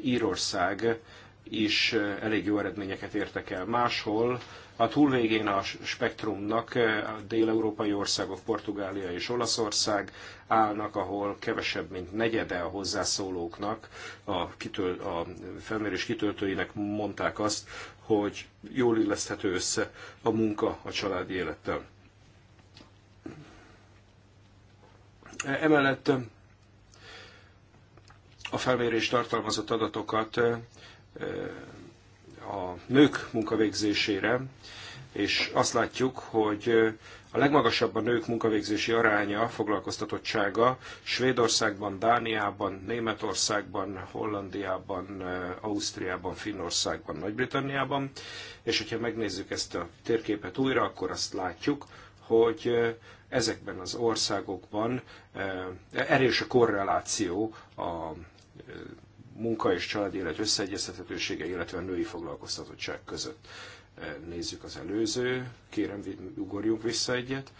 Írország is elég jó eredményeket értek el. Máshol a túlvégén a spektrumnak a dél-európai országok, Portugália és Olaszország állnak, ahol kevesebb, mint negyede a hozzászólóknak, a, kitölt, a felmérés kitöltőinek mondták azt, hogy jól illeszthető össze a munka a családi élettel. Emellett a felmérés tartalmazott adatokat a nők munkavégzésére, és azt látjuk, hogy a legmagasabb a nők munkavégzési aránya, foglalkoztatottsága Svédországban, Dániában, Németországban, Hollandiában, eh, Ausztriában, Finnországban, Nagy-Britanniában. És hogyha megnézzük ezt a térképet újra, akkor azt látjuk, hogy eh, ezekben az országokban eh, erős a korreláció a munka és család élet összeegyeztethetősége, illetve a női foglalkoztatottság között nézzük az előző, kérem, ugorjunk vissza egyet.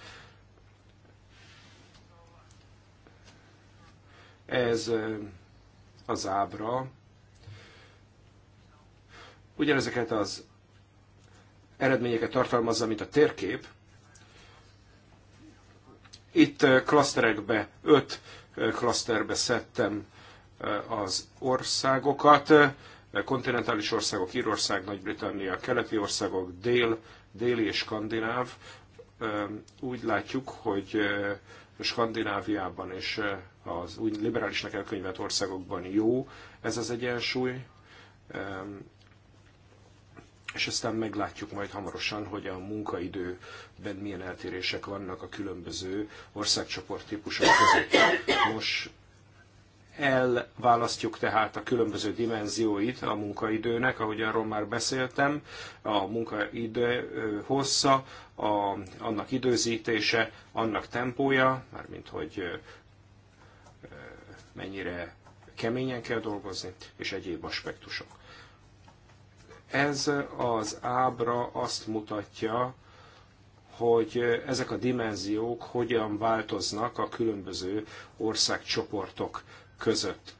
Ez az ábra. Ugyanezeket az eredményeket tartalmazza, mint a térkép. Itt klaszterekbe, öt klaszterbe szedtem az országokat. E, kontinentális országok, Írország, Nagy-Britannia, keleti országok, dél, déli és skandináv, e, úgy látjuk, hogy e, Skandináviában és az úgy liberálisnak elkönyvelt országokban jó ez az egyensúly, és aztán meglátjuk majd hamarosan, hogy a munkaidőben milyen eltérések vannak a különböző országcsoport típusok között. Most Elválasztjuk tehát a különböző dimenzióit a munkaidőnek, ahogy arról már beszéltem, a munkaidő hossza, a, annak időzítése, annak tempója, mármint hogy mennyire keményen kell dolgozni, és egyéb aspektusok. Ez az ábra azt mutatja, hogy ezek a dimenziók hogyan változnak a különböző országcsoportok között.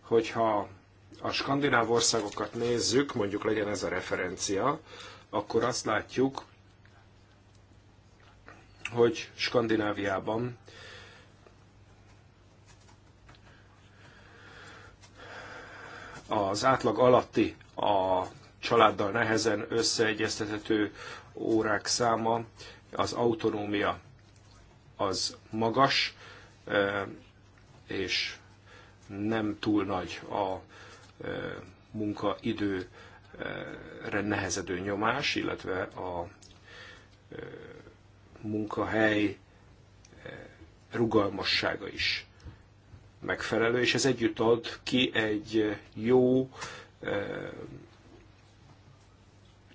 Hogyha a skandináv országokat nézzük, mondjuk legyen ez a referencia, akkor azt látjuk, hogy Skandináviában az átlag alatti a családdal nehezen összeegyeztethető órák száma, az autonómia az magas, és nem túl nagy a munkaidőre nehezedő nyomás, illetve a munkahely rugalmassága is megfelelő, és ez együtt ad ki egy jó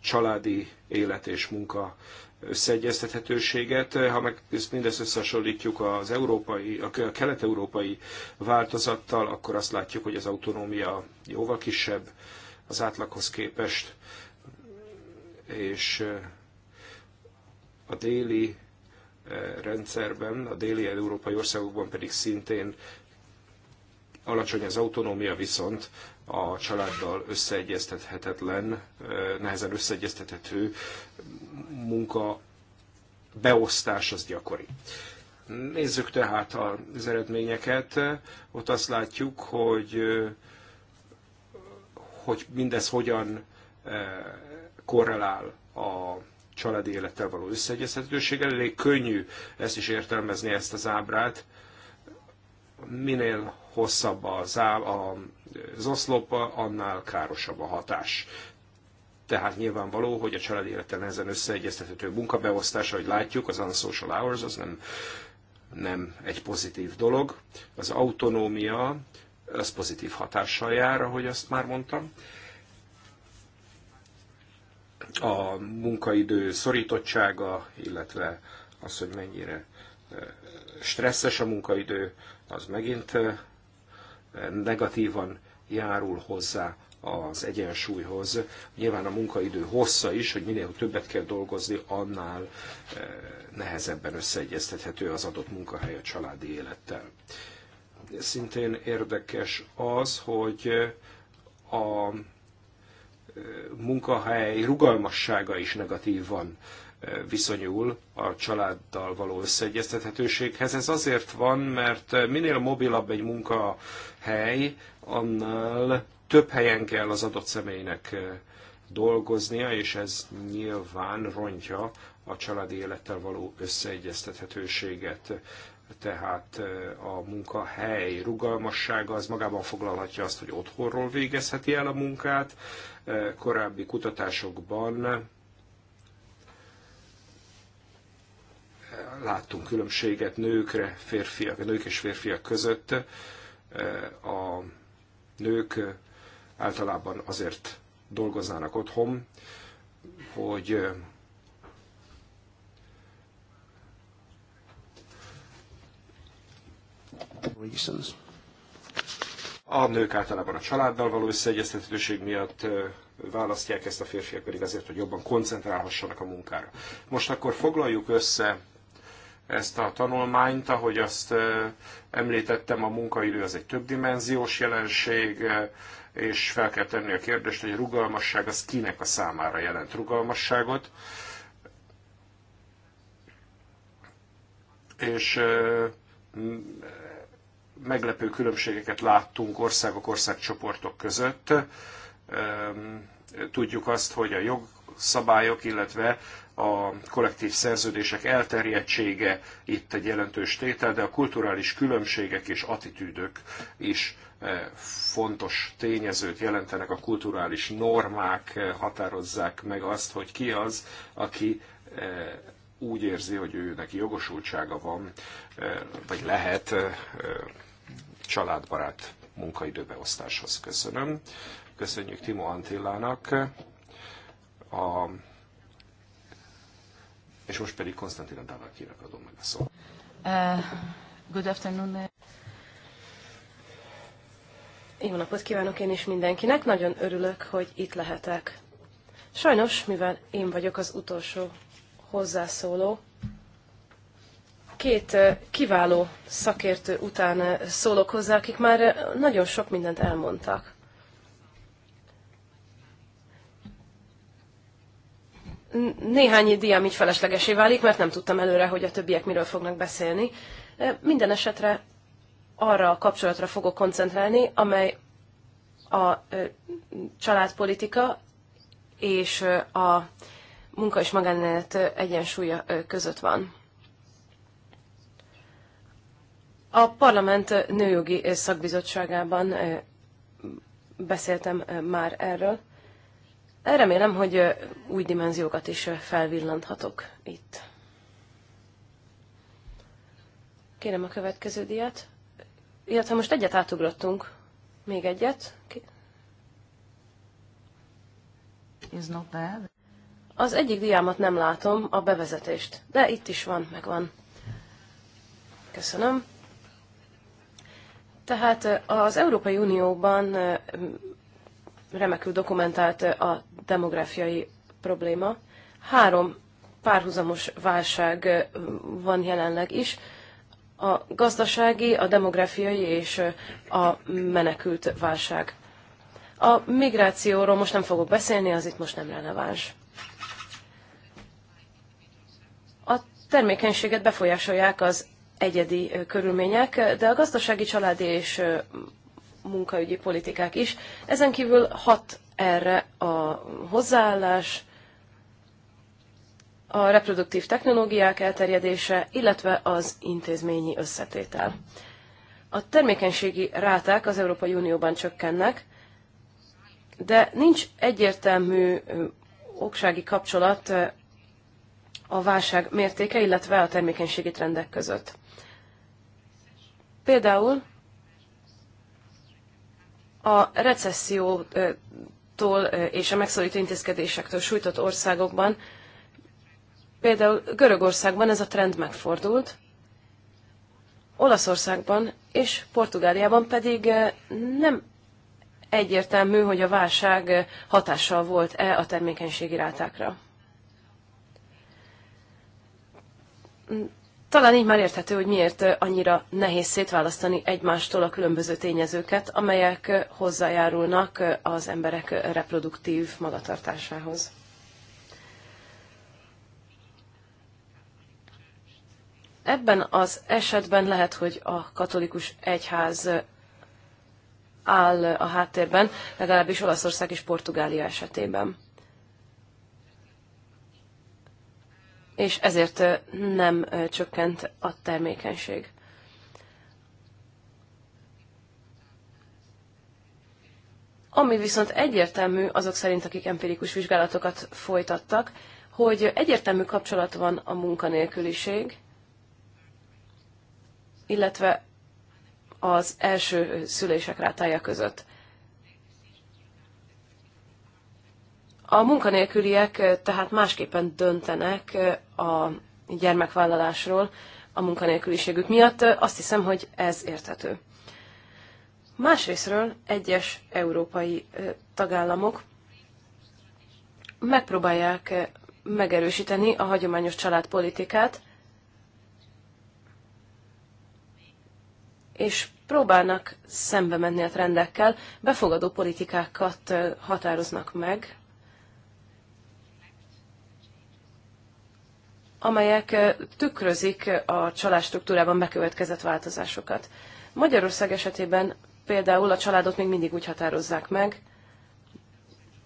családi élet és munka összeegyeztethetőséget. Ha meg ezt mindezt összehasonlítjuk az európai, a kelet-európai változattal, akkor azt látjuk, hogy az autonómia jóval kisebb az átlaghoz képest, és eh, a déli eh, rendszerben, a déli európai országokban pedig szintén alacsony az autonómia, viszont a családdal összeegyeztethetetlen, nehezen összeegyeztethető munka beosztás az gyakori. Nézzük tehát az eredményeket. Ott azt látjuk, hogy, hogy mindez hogyan korrelál a családi élettel való összeegyeztetőséggel. Elég könnyű ezt is értelmezni, ezt az ábrát. Minél hosszabb az, áll, az oszlop, annál károsabb a hatás. Tehát nyilvánvaló, hogy a család életen ezen összeegyeztethető munkabeosztása, hogy látjuk, az unsocial hours az nem, nem egy pozitív dolog. Az autonómia az pozitív hatással jár, ahogy azt már mondtam. A munkaidő szorítottsága, illetve az, hogy mennyire eh, stresszes a munkaidő, az megint eh, negatívan járul hozzá az egyensúlyhoz. Nyilván a munkaidő hossza is, hogy minél többet kell dolgozni, annál eh, nehezebben összeegyeztethető az adott munkahely a családi élettel. Szintén érdekes az, hogy eh, a eh, munkahely rugalmassága is negatívan viszonyul a családdal való összeegyeztethetőséghez. Ez azért van, mert minél mobilabb egy munkahely, annál több helyen kell az adott személynek eh, dolgoznia, és ez nyilván rontja a családi élettel való összeegyeztethetőséget. Tehát eh, a munkahely rugalmassága az magában foglalhatja azt, hogy otthonról végezheti el a munkát. Eh, korábbi kutatásokban láttunk különbséget nőkre, férfiak, nők és férfiak között. E, a nők általában azért dolgoznának otthon, hogy e, A nők általában a családdal való összeegyeztethetőség miatt e, választják ezt a férfiak pedig azért, hogy jobban koncentrálhassanak a munkára. Most akkor foglaljuk össze ezt a tanulmányt, ahogy azt említettem, a munkaidő az egy többdimenziós jelenség, és fel kell tenni a kérdést, hogy a rugalmasság az kinek a számára jelent rugalmasságot. És meglepő különbségeket láttunk országok, országcsoportok között. Tudjuk azt, hogy a jogszabályok, illetve a kollektív szerződések elterjedtsége itt egy jelentős tétel, de a kulturális különbségek és attitűdök is eh, fontos tényezőt jelentenek, a kulturális normák eh, határozzák meg azt, hogy ki az, aki eh, úgy érzi, hogy ő neki jogosultsága van, vagy lehet családbarát munkaidőbeosztáshoz. Köszönöm. Köszönjük Timo Antillának a és most pedig Konstantin Adavákének adom meg a szót. Uh, good afternoon. Jó napot kívánok én is mindenkinek, nagyon örülök, hogy itt lehetek. Sajnos, mivel én vagyok az utolsó hozzászóló, két uh, kiváló szakértő után uh, szólok hozzá, akik már uh, nagyon sok mindent elmondtak. Néhány diám így feleslegesé válik, mert nem tudtam előre, hogy a többiek miről fognak beszélni. Minden esetre arra a kapcsolatra fogok koncentrálni, amely a családpolitika és a munka és magánélet egyensúlya között van. A parlament nőjogi szakbizottságában beszéltem már erről. Remélem, hogy új dimenziókat is felvillanthatok itt. Kérem a következő diát. Illetve most egyet átugrottunk. Még egyet. Is not bad. Az egyik diámat nem látom, a bevezetést. De itt is van, megvan. Köszönöm. Tehát az Európai Unióban remekül dokumentált a demográfiai probléma. Három párhuzamos válság van jelenleg is. A gazdasági, a demográfiai és a menekült válság. A migrációról most nem fogok beszélni, az itt most nem releváns. A termékenységet befolyásolják az egyedi körülmények, de a gazdasági, családi és munkaügyi politikák is. Ezen kívül hat erre a hozzáállás, a reproduktív technológiák elterjedése, illetve az intézményi összetétel. A termékenységi ráták az Európai Unióban csökkennek, de nincs egyértelmű oksági kapcsolat a válság mértéke, illetve a termékenységi trendek között. Például a recessziótól és a megszorító intézkedésektől sújtott országokban, például Görögországban ez a trend megfordult, Olaszországban és Portugáliában pedig nem egyértelmű, hogy a válság hatással volt-e a termékenységi rátákra. Talán így már érthető, hogy miért annyira nehéz szétválasztani egymástól a különböző tényezőket, amelyek hozzájárulnak az emberek reproduktív magatartásához. Ebben az esetben lehet, hogy a katolikus egyház áll a háttérben, legalábbis Olaszország és Portugália esetében. és ezért nem csökkent a termékenység. Ami viszont egyértelmű azok szerint, akik empirikus vizsgálatokat folytattak, hogy egyértelmű kapcsolat van a munkanélküliség, illetve az első szülések rátája között. A munkanélküliek eh, tehát másképpen döntenek eh, a gyermekvállalásról a munkanélküliségük miatt. Eh, azt hiszem, hogy ez érthető. Másrésztről egyes európai tagállamok megpróbálják megerősíteni a hagyományos családpolitikát, és próbálnak szembe menni a trendekkel, befogadó politikákat határoznak meg amelyek tükrözik a család struktúrában bekövetkezett változásokat. Magyarország esetében például a családot még mindig úgy határozzák meg,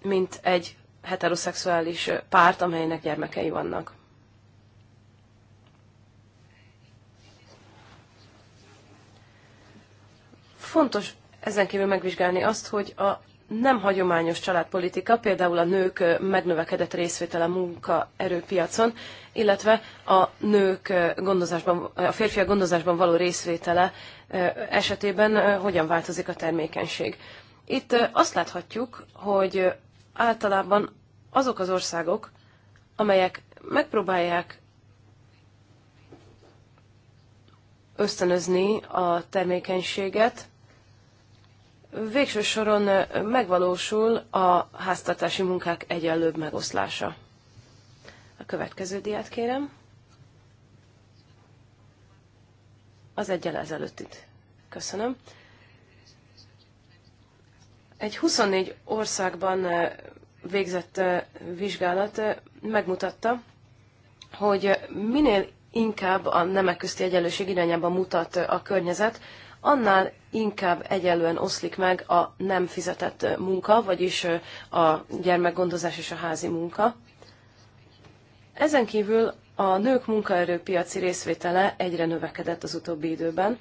mint egy heteroszexuális párt, amelynek gyermekei vannak. Fontos ezen kívül megvizsgálni azt, hogy a nem hagyományos családpolitika, például a nők megnövekedett részvétele a munkaerőpiacon, illetve a nők gondozásban, a férfiak gondozásban való részvétele esetében hogyan változik a termékenység. Itt azt láthatjuk, hogy általában azok az országok, amelyek megpróbálják ösztönözni a termékenységet, végső soron megvalósul a háztartási munkák egyenlőbb megoszlása. A következő diát kérem. Az egyel ezelőttit. Köszönöm. Egy 24 országban végzett vizsgálat megmutatta, hogy minél inkább a nemek közti egyenlőség irányába mutat a környezet, annál inkább egyenlően oszlik meg a nem fizetett munka, vagyis a gyermekgondozás és a házi munka. Ezen kívül a nők munkaerőpiaci részvétele egyre növekedett az utóbbi időben.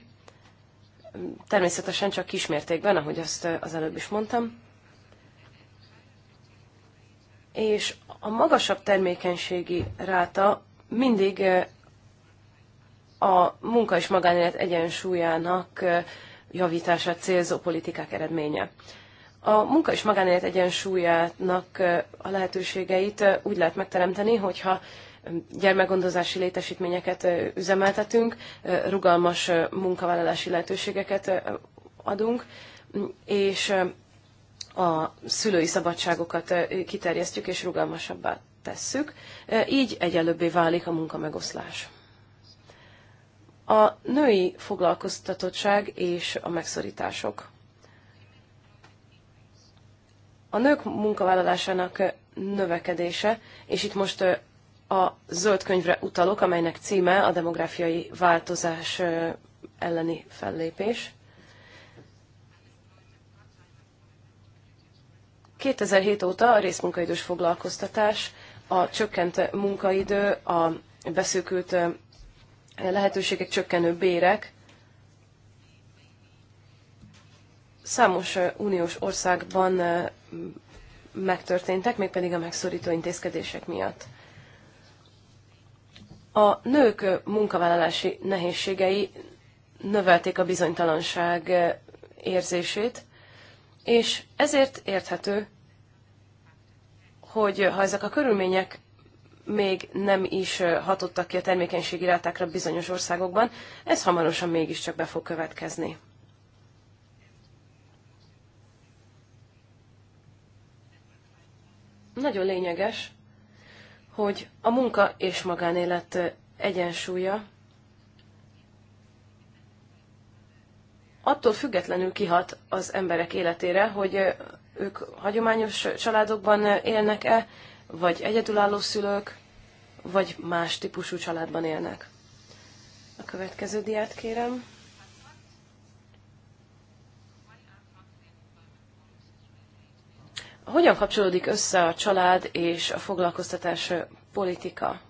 Természetesen csak kismértékben, ahogy azt az előbb is mondtam. És a magasabb termékenységi ráta mindig a munka és magánélet egyensúlyának javítását célzó politikák eredménye. A munka és magánélet egyensúlyának a lehetőségeit úgy lehet megteremteni, hogyha gyermekgondozási létesítményeket üzemeltetünk, rugalmas munkavállalási lehetőségeket adunk, és a szülői szabadságokat kiterjesztjük és rugalmasabbá tesszük. Így egyelőbbé válik a munkamegoszlás a női foglalkoztatottság és a megszorítások. A nők munkavállalásának növekedése, és itt most a zöld könyvre utalok, amelynek címe a demográfiai változás elleni fellépés. 2007 óta a részmunkaidős foglalkoztatás, a csökkent munkaidő, a beszűkült lehetőségek, csökkenő bérek. Számos uniós országban megtörténtek, mégpedig a megszorító intézkedések miatt. A nők munkavállalási nehézségei növelték a bizonytalanság érzését, és ezért érthető, hogy ha ezek a körülmények még nem is hatottak ki a termékenységi rátákra bizonyos országokban, ez hamarosan mégiscsak be fog következni. Nagyon lényeges, hogy a munka és magánélet egyensúlya attól függetlenül kihat az emberek életére, hogy ők hagyományos családokban élnek-e, vagy egyedülálló szülők, vagy más típusú családban élnek. A következő diát kérem. Hogyan kapcsolódik össze a család és a foglalkoztatás politika?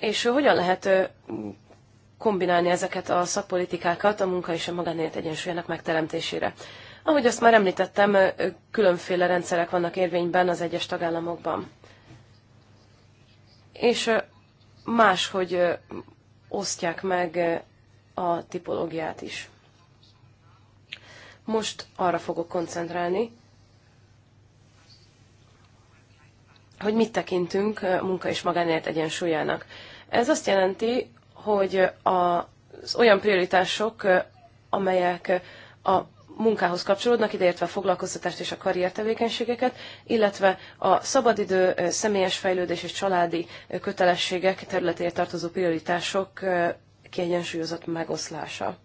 És hogyan lehet kombinálni ezeket a szakpolitikákat a munka és a magánélet egyensúlyának megteremtésére? Ahogy azt már említettem, különféle rendszerek vannak érvényben az egyes tagállamokban. És máshogy osztják meg a tipológiát is. Most arra fogok koncentrálni, hogy mit tekintünk munka és magánélet egyensúlyának. Ez azt jelenti, hogy az olyan prioritások, amelyek a munkához kapcsolódnak, ideértve a foglalkoztatást és a karriertevékenységeket, illetve a szabadidő, személyes fejlődés és családi kötelességek területére tartozó prioritások kiegyensúlyozott megoszlása.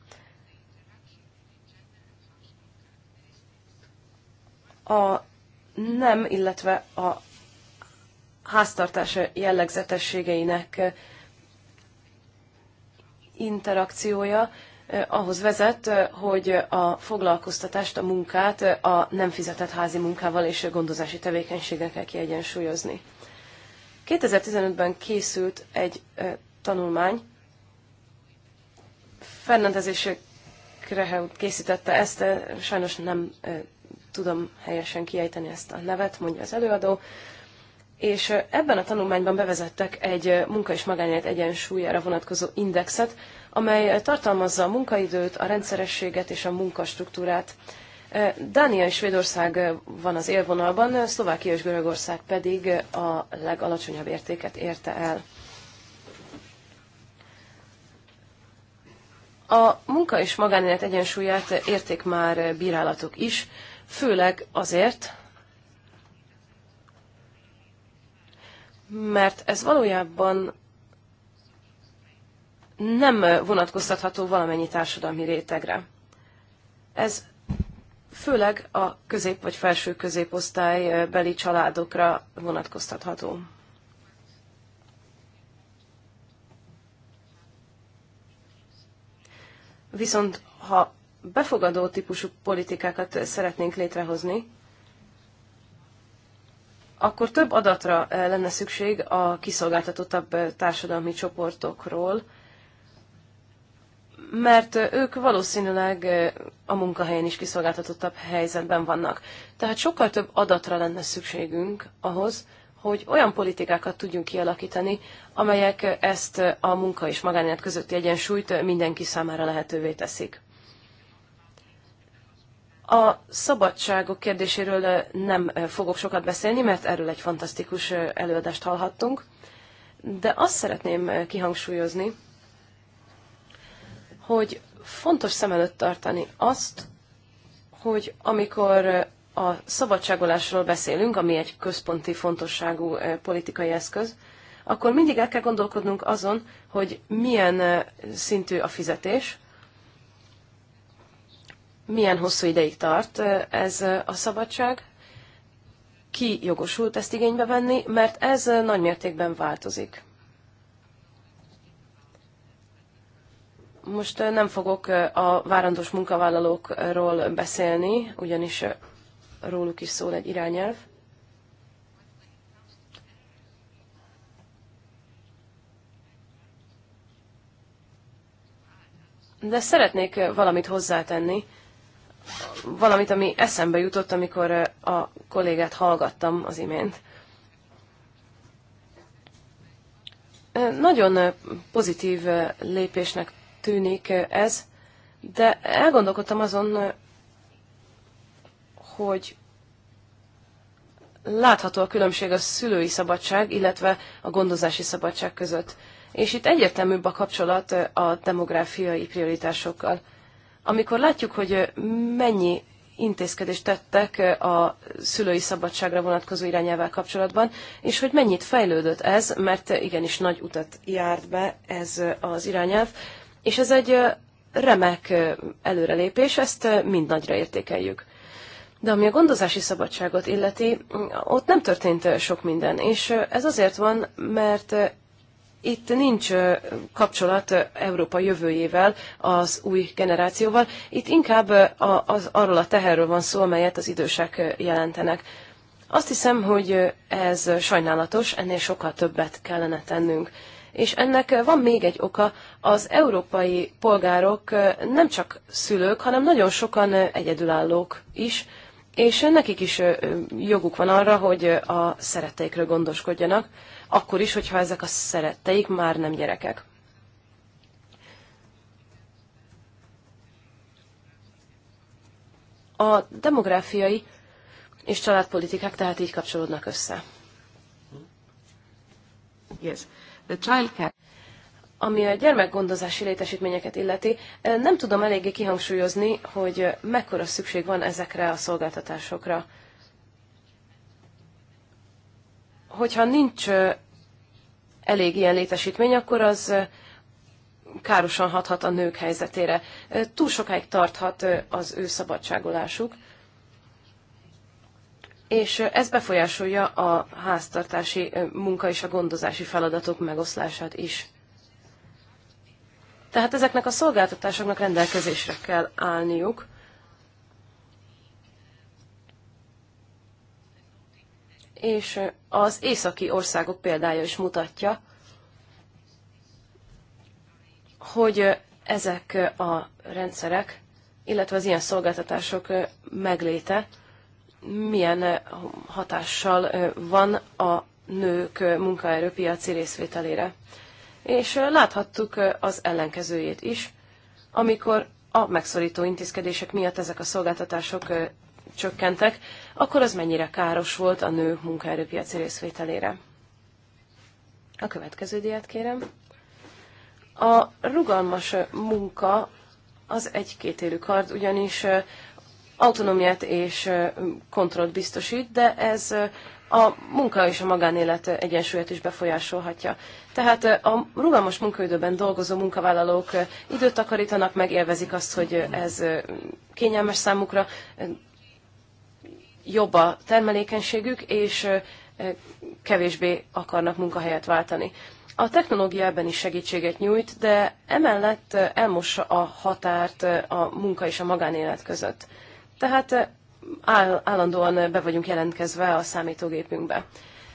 a nem, illetve a háztartás jellegzetességeinek interakciója Eh, ahhoz vezet, eh, hogy a foglalkoztatást, a munkát eh, a nem fizetett házi munkával és gondozási tevékenységgel kell kiegyensúlyozni. 2015-ben készült egy tanulmány, Fernández készítette ezt, sajnos nem tudom helyesen kiejteni ezt a nevet, mondja az előadó, és ebben a tanulmányban bevezettek egy munka és magánélet egyensúlyára vonatkozó indexet, amely tartalmazza a munkaidőt, a rendszerességet és a munkastruktúrát. Dánia és Svédország van az élvonalban, Szlovákia és Görögország pedig a legalacsonyabb értéket érte el. A munka és magánélet egyensúlyát érték már bírálatok is, főleg azért, mert ez valójában nem vonatkoztatható valamennyi társadalmi rétegre. Ez főleg a közép- vagy felső középosztály beli családokra vonatkoztatható. Viszont ha befogadó típusú politikákat szeretnénk létrehozni, akkor több adatra lenne szükség a kiszolgáltatottabb társadalmi csoportokról, mert ők valószínűleg a munkahelyen is kiszolgáltatottabb helyzetben vannak. Tehát sokkal több adatra lenne szükségünk ahhoz, hogy olyan politikákat tudjunk kialakítani, amelyek ezt a munka és magánélet közötti egyensúlyt mindenki számára lehetővé teszik. A szabadságok kérdéséről nem fogok sokat beszélni, mert erről egy fantasztikus előadást hallhattunk, de azt szeretném kihangsúlyozni, hogy fontos szem előtt tartani azt, hogy amikor a szabadságolásról beszélünk, ami egy központi fontosságú politikai eszköz, akkor mindig el kell gondolkodnunk azon, hogy milyen szintű a fizetés, milyen hosszú ideig tart ez a szabadság, ki jogosult ezt igénybe venni, mert ez nagy mértékben változik. Most nem fogok a várandós munkavállalókról beszélni, ugyanis róluk is szól egy irányelv. De szeretnék valamit hozzátenni, valamit, ami eszembe jutott, amikor a kollégát hallgattam az imént. Nagyon pozitív lépésnek tűnik ez, de elgondolkodtam azon, hogy látható a különbség a szülői szabadság, illetve a gondozási szabadság között. És itt egyértelműbb a kapcsolat a demográfiai prioritásokkal. Amikor látjuk, hogy mennyi intézkedést tettek a szülői szabadságra vonatkozó irányával kapcsolatban, és hogy mennyit fejlődött ez, mert igenis nagy utat járt be ez az irányelv, és ez egy remek előrelépés, ezt mind nagyra értékeljük. De ami a gondozási szabadságot illeti, ott nem történt sok minden, és ez azért van, mert itt nincs kapcsolat Európa jövőjével, az új generációval, itt inkább az, arról a teherről van szó, amelyet az idősek jelentenek. Azt hiszem, hogy ez sajnálatos, ennél sokkal többet kellene tennünk és ennek van még egy oka, az európai polgárok nem csak szülők, hanem nagyon sokan egyedülállók is, és nekik is joguk van arra, hogy a szeretteikről gondoskodjanak, akkor is, hogyha ezek a szeretteik már nem gyerekek. A demográfiai és családpolitikák tehát így kapcsolódnak össze. Yes the care. Ami a gyermekgondozási létesítményeket illeti, nem tudom eléggé kihangsúlyozni, hogy mekkora szükség van ezekre a szolgáltatásokra. Hogyha nincs elég ilyen létesítmény, akkor az károsan hathat a nők helyzetére. Túl sokáig tarthat az ő szabadságolásuk, és ez befolyásolja a háztartási munka és a gondozási feladatok megoszlását is. Tehát ezeknek a szolgáltatásoknak rendelkezésre kell állniuk, és az északi országok példája is mutatja, hogy ezek a rendszerek, illetve az ilyen szolgáltatások megléte milyen hatással van a nők munkaerőpiaci részvételére. És láthattuk az ellenkezőjét is, amikor a megszorító intézkedések miatt ezek a szolgáltatások csökkentek, akkor az mennyire káros volt a nő munkaerőpiaci részvételére. A következő diát kérem. A rugalmas munka az egy élő kard, ugyanis autonómiát és kontrollt biztosít, de ez a munka és a magánélet egyensúlyát is befolyásolhatja. Tehát a rugalmas munkaidőben dolgozó munkavállalók időt takarítanak, megélvezik azt, hogy ez kényelmes számukra, jobb a termelékenységük, és kevésbé akarnak munkahelyet váltani. A technológia ebben is segítséget nyújt, de emellett elmossa a határt a munka és a magánélet között tehát eh, állandóan be vagyunk jelentkezve a számítógépünkbe.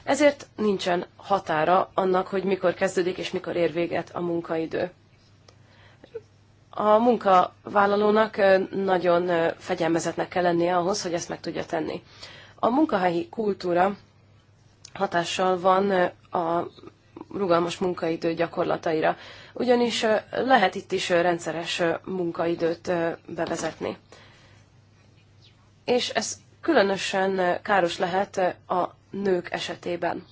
Ezért nincsen határa annak, hogy mikor kezdődik és mikor ér véget a munkaidő. A munkavállalónak eh, nagyon eh, fegyelmezetnek kell lennie ahhoz, hogy ezt meg tudja tenni. A munkahelyi kultúra hatással van a rugalmas munkaidő gyakorlataira, ugyanis lehet itt is rendszeres munkaidőt bevezetni és ez különösen káros lehet a nők esetében.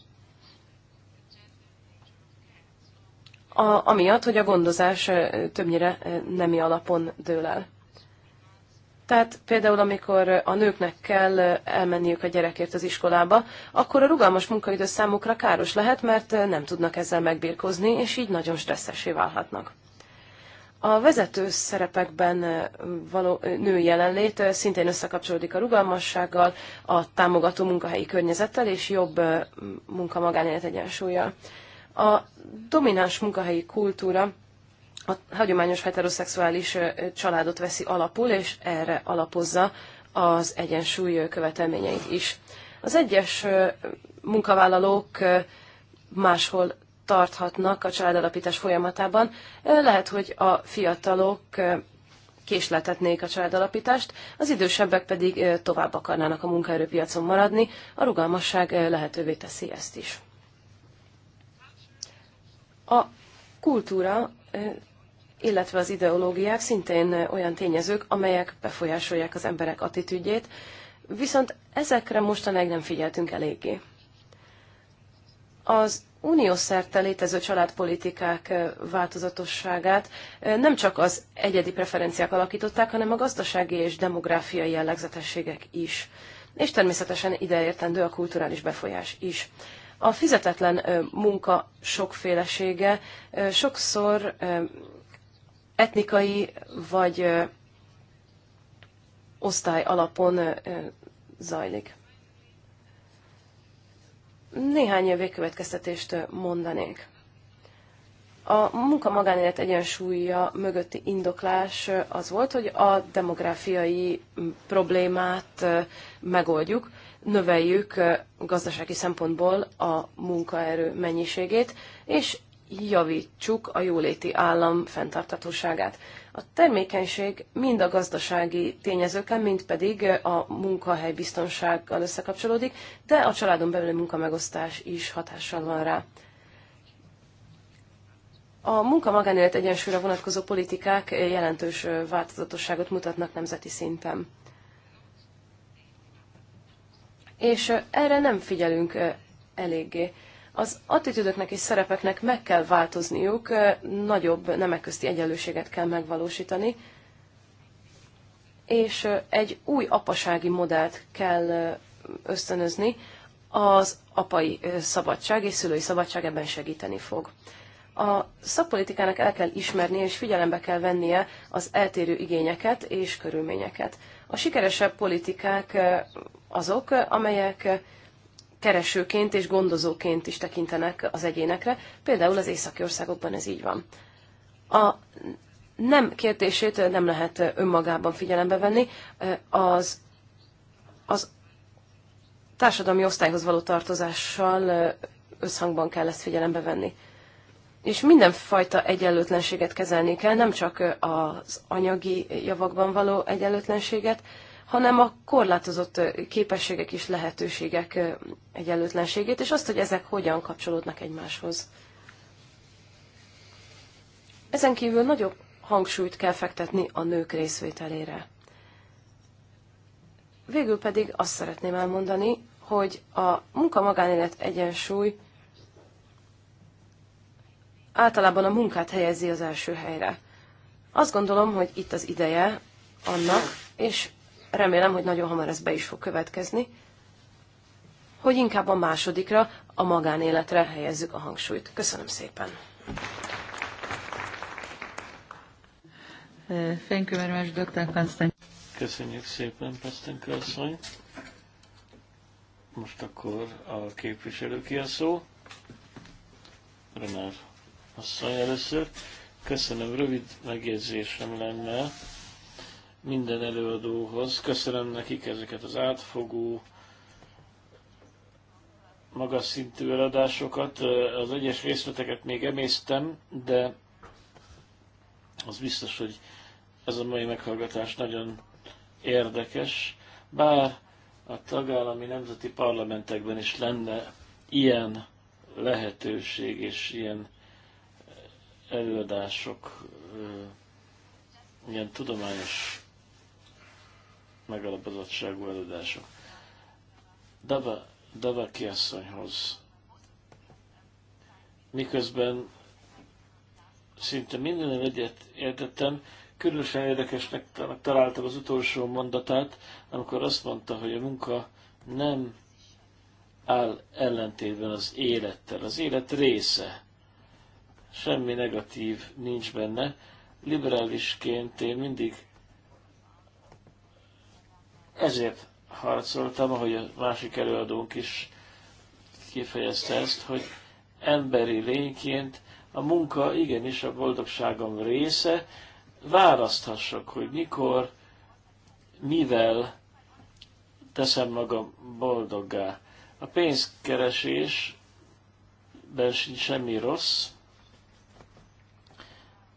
A, amiatt, hogy a gondozás többnyire nemi alapon dől el. Tehát például, amikor a nőknek kell elmenniük a gyerekért az iskolába, akkor a rugalmas munkaidő számukra káros lehet, mert nem tudnak ezzel megbírkozni, és így nagyon stresszesé válhatnak. A vezető szerepekben való nő jelenlét szintén összekapcsolódik a rugalmassággal, a támogató munkahelyi környezettel és jobb munka-magánélet egyensúlyjal. A domináns munkahelyi kultúra a hagyományos heteroszexuális családot veszi alapul, és erre alapozza az egyensúly követelményeit is. Az egyes munkavállalók máshol tarthatnak a családalapítás folyamatában. Lehet, hogy a fiatalok késletetnék a családalapítást, az idősebbek pedig tovább akarnának a munkaerőpiacon maradni, a rugalmasság lehetővé teszi ezt is. A kultúra, illetve az ideológiák szintén olyan tényezők, amelyek befolyásolják az emberek attitűdjét, viszont ezekre mostanáig nem figyeltünk eléggé. Az szerte létező családpolitikák változatosságát nem csak az egyedi preferenciák alakították, hanem a gazdasági és demográfiai jellegzetességek is. És természetesen ideértendő a kulturális befolyás is. A fizetetlen munka sokfélesége sokszor etnikai vagy osztály alapon zajlik. Néhány végkövetkeztetést mondanék. A munka-magánélet egyensúlya mögötti indoklás az volt, hogy a demográfiai problémát megoldjuk, növeljük gazdasági szempontból a munkaerő mennyiségét, és javítsuk a jóléti állam fenntartatóságát. A termékenység mind a gazdasági tényezőkkel, mind pedig a munkahely biztonsággal összekapcsolódik, de a családon belüli munkamegosztás is hatással van rá. A munka-magánélet egyensúlyra vonatkozó politikák jelentős változatosságot mutatnak nemzeti szinten. És erre nem figyelünk eléggé. Az attitűdöknek és szerepeknek meg kell változniuk, nagyobb nemek közti egyenlőséget kell megvalósítani, és egy új apasági modellt kell ösztönözni, az apai szabadság és szülői szabadság ebben segíteni fog. A szakpolitikának el kell ismernie és figyelembe kell vennie az eltérő igényeket és körülményeket. A sikeresebb politikák azok, amelyek keresőként és gondozóként is tekintenek az egyénekre. Például az északi országokban ez így van. A nem kérdését nem lehet önmagában figyelembe venni. Az, az társadalmi osztályhoz való tartozással összhangban kell ezt figyelembe venni. És mindenfajta egyenlőtlenséget kezelni kell, nem csak az anyagi javakban való egyenlőtlenséget, hanem a korlátozott képességek és lehetőségek egyenlőtlenségét, és azt, hogy ezek hogyan kapcsolódnak egymáshoz. Ezen kívül nagyobb hangsúlyt kell fektetni a nők részvételére. Végül pedig azt szeretném elmondani, hogy a munka-magánélet egyensúly általában a munkát helyezi az első helyre. Azt gondolom, hogy itt az ideje annak, és remélem, hogy nagyon hamar ez be is fog következni, hogy inkább a másodikra, a magánéletre helyezzük a hangsúlyt. Köszönöm szépen! Uh, Köszönjük szépen, Pastenka asszony. Most akkor a képviselő ki a szó. Renár asszony először. Köszönöm, rövid megjegyzésem lenne minden előadóhoz. Köszönöm nekik ezeket az átfogó, magas szintű előadásokat. Az egyes részleteket még emésztem, de az biztos, hogy ez a mai meghallgatás nagyon érdekes. Bár a tagállami nemzeti parlamentekben is lenne ilyen lehetőség és ilyen előadások, ilyen tudományos megalapozottságú előadások. Dava, Dava kiasszonyhoz. Miközben szinte minden egyet értettem, különösen érdekesnek találtam az utolsó mondatát, amikor azt mondta, hogy a munka nem áll ellentétben az élettel. Az élet része. Semmi negatív nincs benne. Liberálisként én mindig ezért harcoltam, ahogy a másik előadónk is kifejezte ezt, hogy emberi lényként a munka igenis a boldogságom része, választhassak, hogy mikor, mivel teszem magam boldoggá. A pénzkeresésben sincs semmi rossz.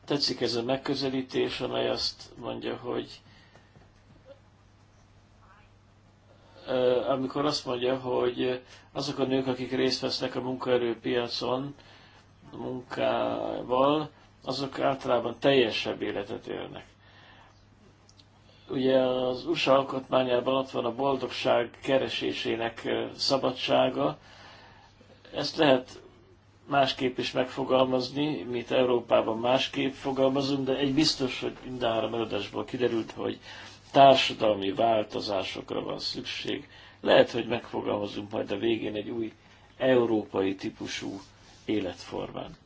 Tetszik ez a megközelítés, amely azt mondja, hogy amikor azt mondja, hogy azok a nők, akik részt vesznek a munkaerőpiacon, a munkával, azok általában teljesebb életet élnek. Ugye az USA alkotmányában ott van a boldogság keresésének szabadsága. Ezt lehet másképp is megfogalmazni, mint Európában másképp fogalmazunk, de egy biztos, hogy minden három előadásból kiderült, hogy társadalmi változásokra van szükség. Lehet, hogy megfogalmazunk majd a végén egy új európai típusú életformán.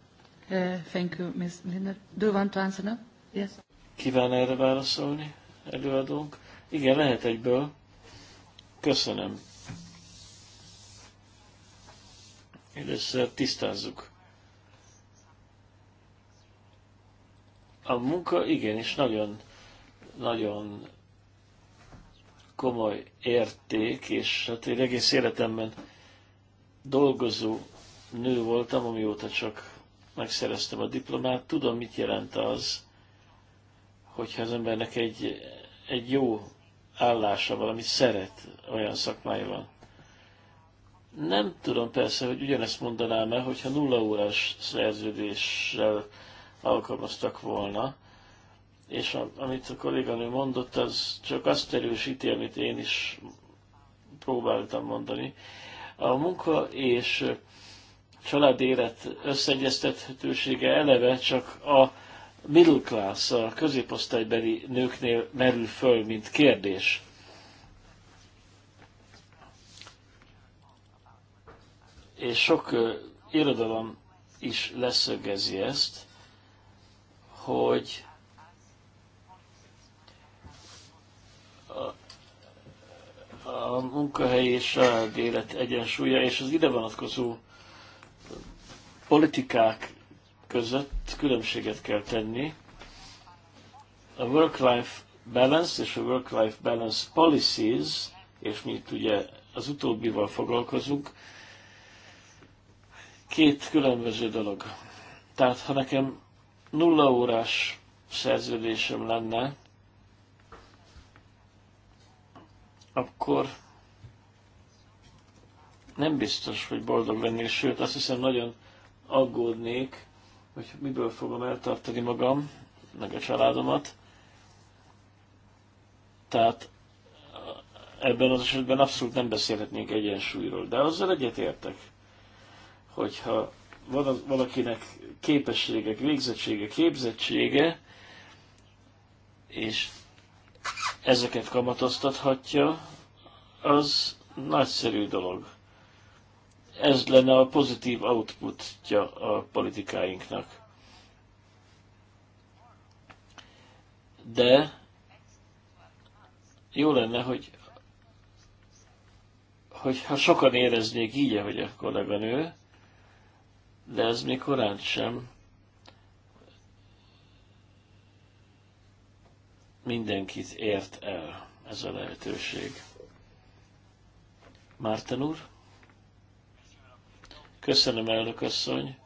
Uh, thank you, Ms. Linder. Do you want to answer now? Yes. Kíván erre válaszolni előadónk? Igen, lehet egyből. Köszönöm. Először tisztázzuk. A munka igenis nagyon, nagyon komoly érték, és hát én egész életemben dolgozó nő voltam, amióta csak megszereztem a diplomát, tudom, mit jelent az, hogyha az embernek egy, egy jó állása, valami szeret, olyan szakmája van. Nem tudom persze, hogy ugyanezt mondanám-e, hogyha nulla órás szerződéssel alkalmaztak volna, és a, amit a kolléganő mondott, az csak azt erősíti, amit én is próbáltam mondani. A munka és család élet összeegyeztethetősége eleve csak a middle class, a középosztálybeli nőknél merül föl, mint kérdés. És sok irodalom is leszögezi ezt, hogy a, munkahely és a élet egyensúlya, és az ide vonatkozó politikák között különbséget kell tenni. A work-life balance és a work-life balance policies, és mi itt ugye az utóbbival foglalkozunk, két különböző dolog. Tehát ha nekem nulla órás szerződésem lenne, akkor nem biztos, hogy boldog lennék, sőt azt hiszem nagyon aggódnék, hogy miből fogom eltartani magam, meg a családomat. Tehát eh, ebben az esetben abszolút nem beszélhetnénk egyensúlyról. De azzal egyetértek, hogyha van valakinek képességek, végzettsége, képzettsége, és ezeket kamatoztathatja, az nagyszerű dolog. Ez lenne a pozitív outputja a politikáinknak. De jó lenne, hogy ha sokan éreznék így, ahogy a kolléganő, de ez még korán sem mindenkit ért el ez a lehetőség. Márten úr? Köszönöm, elnök asszony,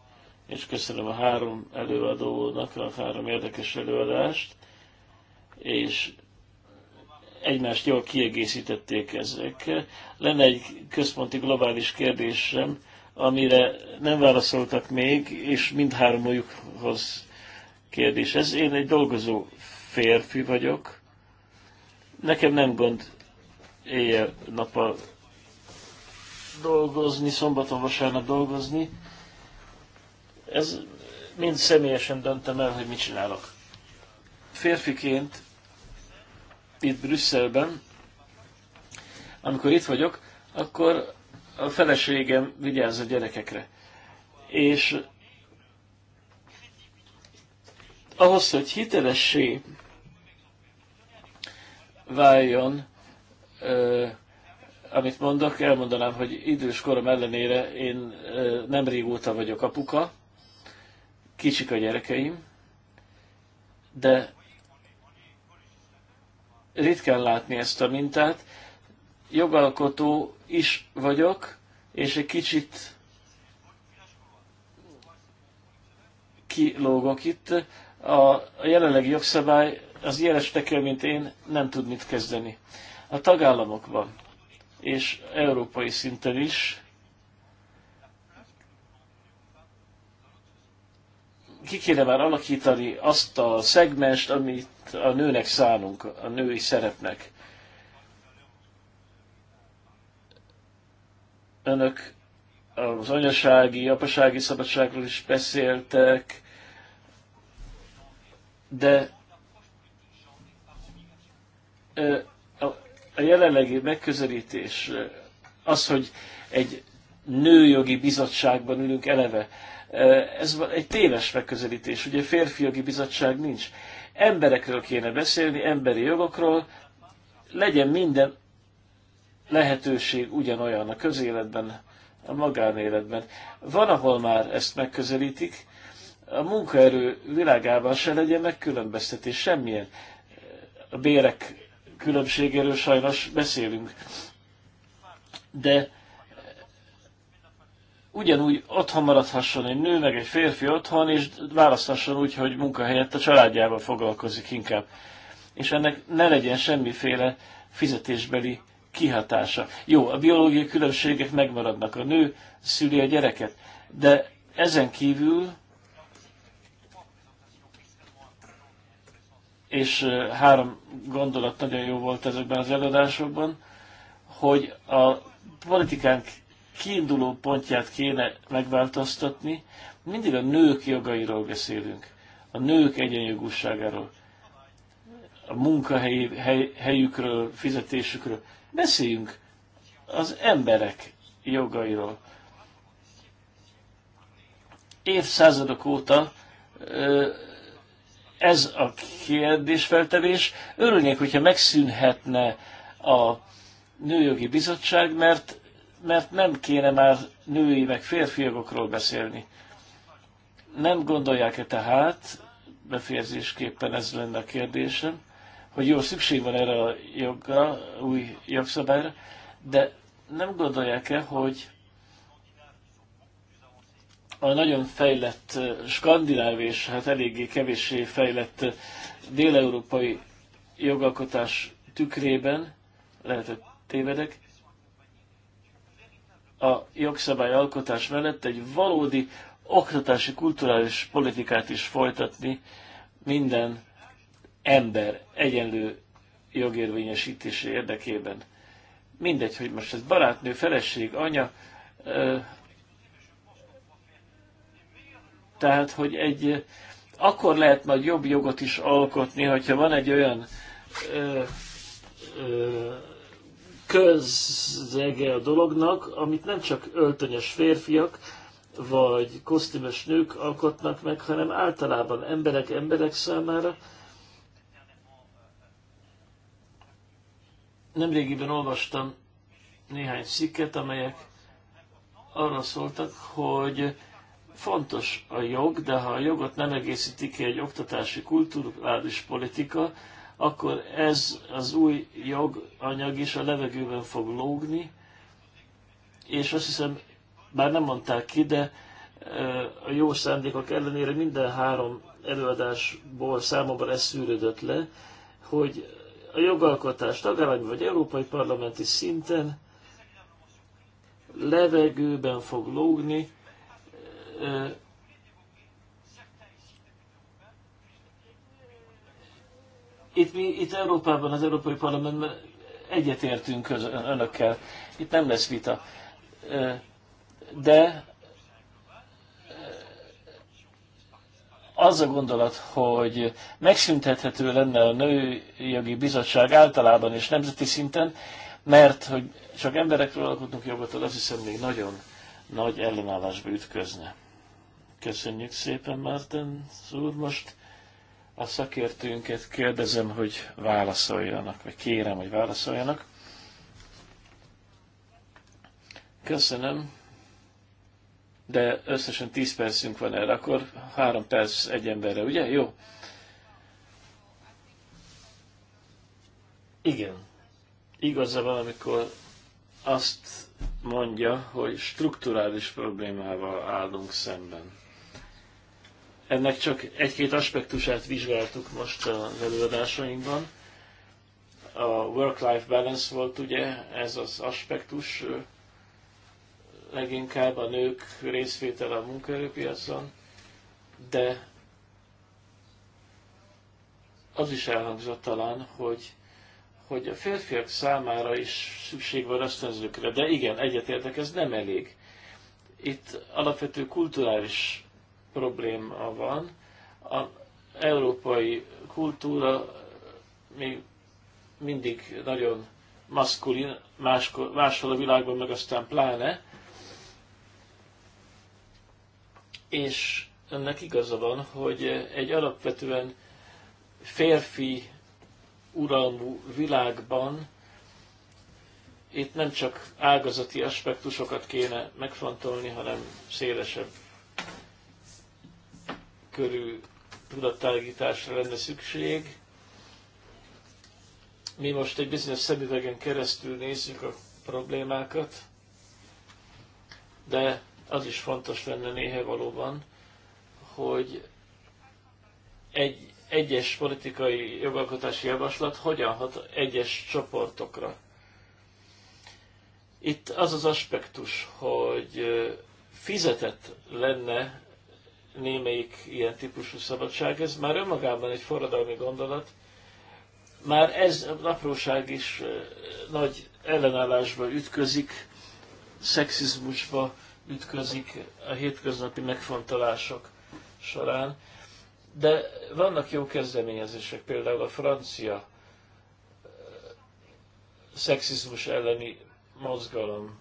és köszönöm a három előadónak a három érdekes előadást, és egymást jól kiegészítették ezek. Lenne egy központi globális kérdésem, amire nem válaszoltak még, és mindhármójukhoz kérdés. Ez én egy dolgozó férfi vagyok, nekem nem gond éjjel-nappal dolgozni, szombaton-vasárnap dolgozni. Ez mind személyesen döntem el, hogy mit csinálok. Férfiként itt Brüsszelben, amikor itt vagyok, akkor a feleségem vigyáz a gyerekekre. És ahhoz, hogy hitelessé váljon, amit mondok, elmondanám, hogy idős korom ellenére én nem régóta vagyok apuka, kicsik a gyerekeim, de ritkán látni ezt a mintát. Jogalkotó is vagyok, és egy kicsit kilógok itt. A jelenlegi jogszabály az ilyen esetekkel, mint én, nem tud mit kezdeni. A tagállamokban és európai szinten is ki kéne már alakítani azt a szegmest, amit a nőnek szánunk, a női szerepnek. Önök az anyasági, apasági szabadságról is beszéltek, de a jelenlegi megközelítés az, hogy egy nőjogi bizottságban ülünk eleve, ez egy téves megközelítés, ugye férfi jogi bizottság nincs. Emberekről kéne beszélni, emberi jogokról, legyen minden lehetőség ugyanolyan a közéletben, a magánéletben. Van, ahol már ezt megközelítik, a munkaerő világában se legyen megkülönböztetés semmilyen. A bérek különbségéről sajnos beszélünk. De ugyanúgy otthon maradhasson egy nő, meg egy férfi otthon, és választhasson úgy, hogy munkahelyett a családjával foglalkozik inkább. És ennek ne legyen semmiféle fizetésbeli kihatása. Jó, a biológiai különbségek megmaradnak, a nő szüli a gyereket, de ezen kívül és három gondolat nagyon jó volt ezekben az előadásokban, hogy a politikánk kiinduló pontját kéne megváltoztatni, mindig a nők jogairól beszélünk, a nők egyenjogúságáról, a munkahelyi hely, helyükről, fizetésükről. Beszéljünk az emberek jogairól. Évszázadok óta ez a kérdésfeltevés. Örülnék, hogyha megszűnhetne a Nőjogi Bizottság, mert, mert nem kéne már női meg férfi jogokról beszélni. Nem gondolják-e tehát, befejezésképpen ez lenne a kérdésem, hogy jó, szükség van erre a jogra, új jogszabályra, de nem gondolják-e, hogy a nagyon fejlett skandináv és hát eléggé kevéssé fejlett déleurópai jogalkotás tükrében, lehet, hogy tévedek, a jogszabályalkotás mellett egy valódi oktatási, kulturális politikát is folytatni minden ember egyenlő jogérvényesítése érdekében. Mindegy, hogy most ez barátnő, feleség, anya, tehát, hogy egy, akkor lehet majd jobb jogot is alkotni, hogyha van egy olyan ö, ö, közzege a dolognak, amit nem csak öltönyös férfiak, vagy kosztümös nők alkotnak meg, hanem általában emberek emberek számára. Nemrégiben olvastam néhány cikket, amelyek arra szóltak, hogy Fontos a jog, de ha a jogot nem egészíti ki egy oktatási kulturális politika, akkor ez az új joganyag is a levegőben fog lógni, és azt hiszem, bár nem mondták ki, de a jó szándékok ellenére minden három előadásból számomra ez szűrődött le, hogy a jogalkotás tagállami vagy európai parlamenti szinten levegőben fog lógni, itt mi, itt Európában, az Európai Parlamentben egyetértünk önökkel. Itt nem lesz vita. De az a gondolat, hogy megszüntethető lenne a Nőjogi Bizottság általában és nemzeti szinten, mert hogy csak emberekről alkotunk jogot, az hiszem még nagyon nagy ellenállásba ütközne. Köszönjük szépen, Márten úr. Most a szakértőnket kérdezem, hogy válaszoljanak, vagy kérem, hogy válaszoljanak. Köszönöm, de összesen 10 percünk van erre, akkor 3 perc egy emberre, ugye? Jó. Igen. Igaza van, amikor azt mondja, hogy strukturális problémával állunk szemben ennek csak egy-két aspektusát vizsgáltuk most az előadásainkban. A work-life balance volt ugye ez az aspektus, leginkább a nők részvétele a munkaerőpiacon, de az is elhangzott talán, hogy, hogy a férfiak számára is szükség van ösztönzőkre, de igen, egyetértek, ez nem elég. Itt alapvető kulturális probléma van. A európai kultúra még mindig nagyon maszkulin, máskor, máshol a világban, meg aztán pláne. És ennek igaza van, hogy egy alapvetően férfi uralmú világban itt nem csak ágazati aspektusokat kéne megfontolni, hanem szélesebb körű tudattágításra lenne szükség. Mi most egy bizonyos szemüvegen keresztül nézzük a problémákat, de az is fontos lenne néha valóban, hogy egy egyes politikai jogalkotási javaslat hogyan hat egyes csoportokra. Itt az az aspektus, hogy fizetett lenne némelyik ilyen típusú szabadság. Ez már önmagában egy forradalmi gondolat. Már ez a apróság is nagy ellenállásba ütközik, szexizmusba ütközik a hétköznapi megfontolások során. De vannak jó kezdeményezések, például a francia szexizmus elleni mozgalom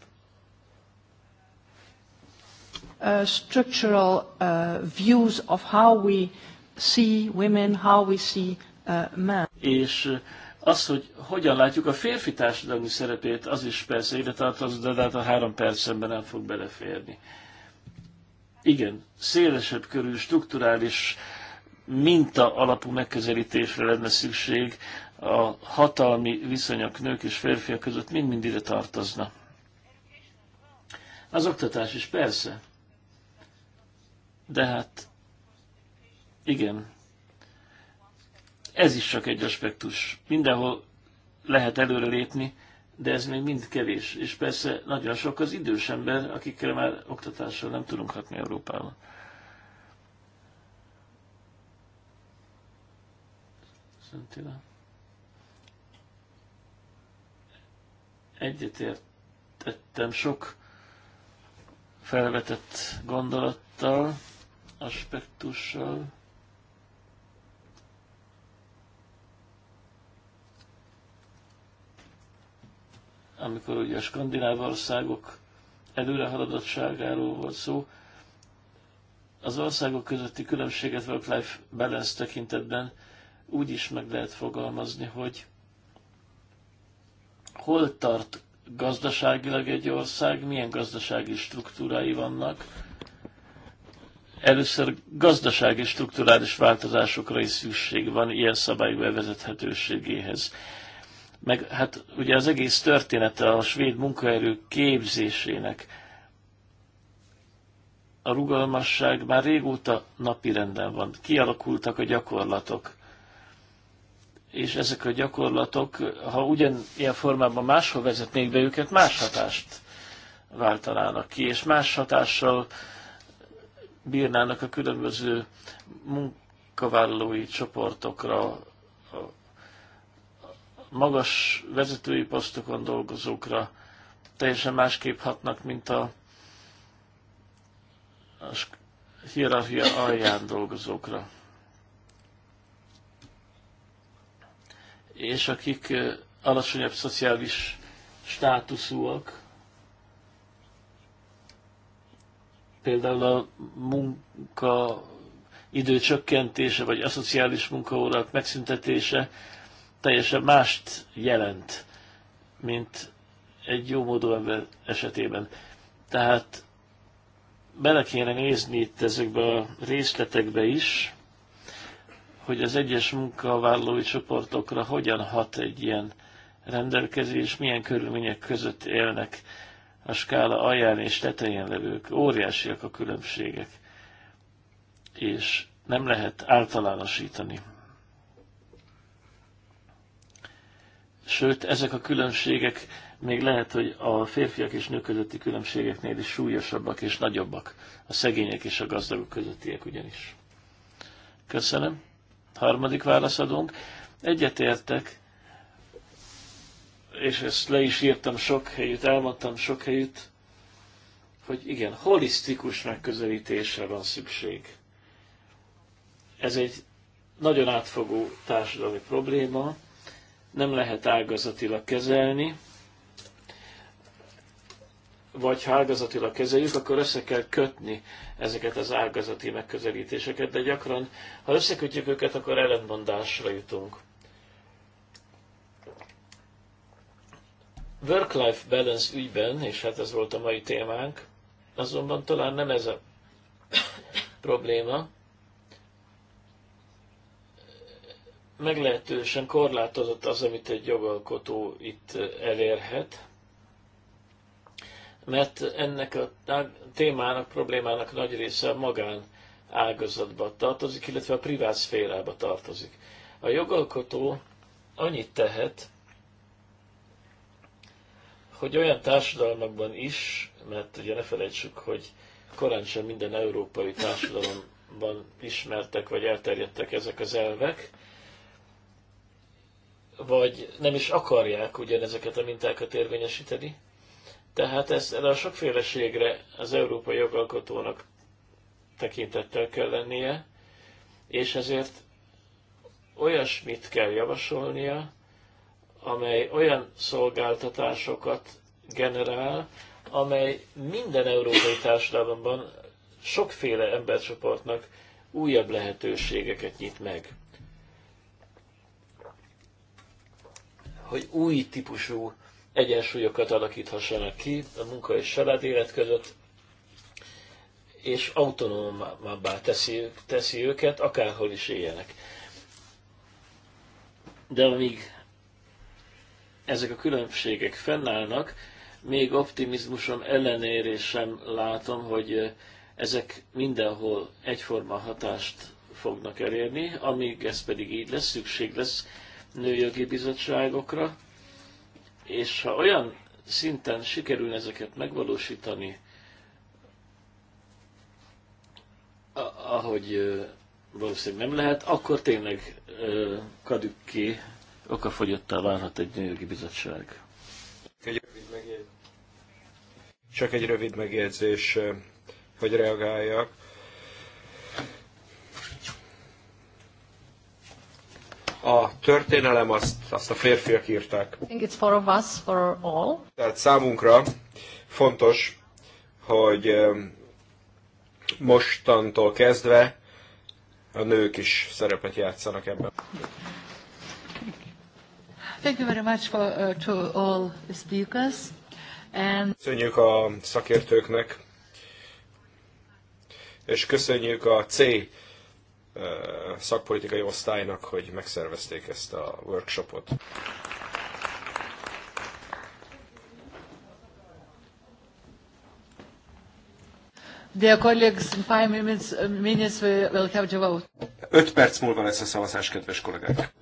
Uh, structural uh, views of how we see women, how we see uh, men. És uh, az, hogy hogyan látjuk a férfi társadalmi szerepét, az is persze ide tartozik, de hát a három percemben nem fog beleférni. Igen, szélesebb körű, strukturális minta alapú megközelítésre lenne szükség, a hatalmi viszonyok nők és férfiak között mind-mind ide tartozna. Az oktatás is persze. De hát, igen, ez is csak egy aspektus. Mindenhol lehet előrelépni, de ez még mind kevés. És persze nagyon sok az idős ember, akikkel már oktatással nem tudunk hatni Európában. Szentila. Egyetértettem sok felvetett gondolattal aspektussal. amikor ugye a skandináv országok előrehaladottságáról volt szó, az országok közötti különbséget work-life balance tekintetben úgy is meg lehet fogalmazni, hogy hol tart gazdaságilag egy ország, milyen gazdasági struktúrái vannak, Először gazdasági strukturális változásokra is szükség van ilyen szabályok bevezethetőségéhez. Meg hát ugye az egész története a svéd munkaerő képzésének, a rugalmasság már régóta renden van. Kialakultak a gyakorlatok. És ezek a gyakorlatok, ha ugyanilyen formában máshol vezetnék be őket, más hatást váltanának ki, és más hatással uh, bírnának a különböző munkavállalói csoportokra, magas vezetői posztokon dolgozókra teljesen másképp hatnak, mint a, a hierarchia alján dolgozókra. És akik alacsonyabb szociális státuszúak, például a munka idő csökkentése, vagy aszociális munkaórák megszüntetése teljesen mást jelent, mint egy jó módú ember esetében. Tehát bele kéne nézni itt ezekbe a részletekbe is, hogy az egyes munkavállalói csoportokra hogyan hat egy ilyen rendelkezés, milyen körülmények között élnek a skála alján és tetején levők. Óriásiak a különbségek, és nem lehet általánosítani. Sőt, ezek a különbségek még lehet, hogy a férfiak és nők közötti különbségeknél is súlyosabbak és nagyobbak, a szegények és a gazdagok közöttiek ugyanis. Köszönöm. Harmadik válaszadónk. Egyetértek és ezt le is írtam sok helyütt, elmondtam sok helyütt, hogy igen, holisztikus megközelítésre van szükség. Ez egy nagyon átfogó társadalmi probléma, nem lehet ágazatilag kezelni, vagy ha ágazatilag kezeljük, akkor össze kell kötni ezeket az ágazati megközelítéseket, de gyakran, ha összekötjük őket, akkor ellentmondásra jutunk. work-life balance ügyben, és hát ez volt a mai témánk, azonban talán nem ez a probléma. Meglehetősen korlátozott az, amit egy jogalkotó itt elérhet, mert ennek a témának, problémának nagy része a magán ágazatba tartozik, illetve a privát szférába tartozik. A jogalkotó annyit tehet, hogy olyan társadalmakban is, mert ugye ne felejtsük, hogy korán sem minden európai társadalomban ismertek vagy elterjedtek ezek az elvek, vagy nem is akarják ugyanezeket a mintákat érvényesíteni. Tehát ezt erre a sokféleségre az európai jogalkotónak tekintettel kell lennie, és ezért olyasmit kell javasolnia, amely olyan szolgáltatásokat generál, amely minden európai társadalomban sokféle embercsoportnak újabb lehetőségeket nyit meg. Hogy új típusú egyensúlyokat alakíthassanak ki a munka és család élet között, és autonómabbá teszi, teszi őket, akárhol is éljenek. De amíg ezek a különbségek fennállnak, még optimizmusom ellenére sem látom, hogy ezek mindenhol egyforma hatást fognak elérni, amíg ez pedig így lesz, szükség lesz nőjogi bizottságokra, és ha olyan szinten sikerül ezeket megvalósítani, ahogy valószínűleg nem lehet, akkor tényleg ki okafogyottá válhat egy nőjogi bizottság. Csak egy rövid megjegyzés, hogy reagáljak. a történelem azt, azt a férfiak írták. I think it's for us, for all. Tehát számunkra fontos, hogy mostantól kezdve a nők is szerepet játszanak ebben. Thank you very much for, uh, to all speakers. And... Köszönjük a szakértőknek, és köszönjük a C uh, szakpolitikai osztálynak, hogy megszervezték ezt a workshopot. Dear colleagues, in five minutes, uh, minutes we will have to vote. Öt perc múlva lesz a szavazás, kedves kollégák.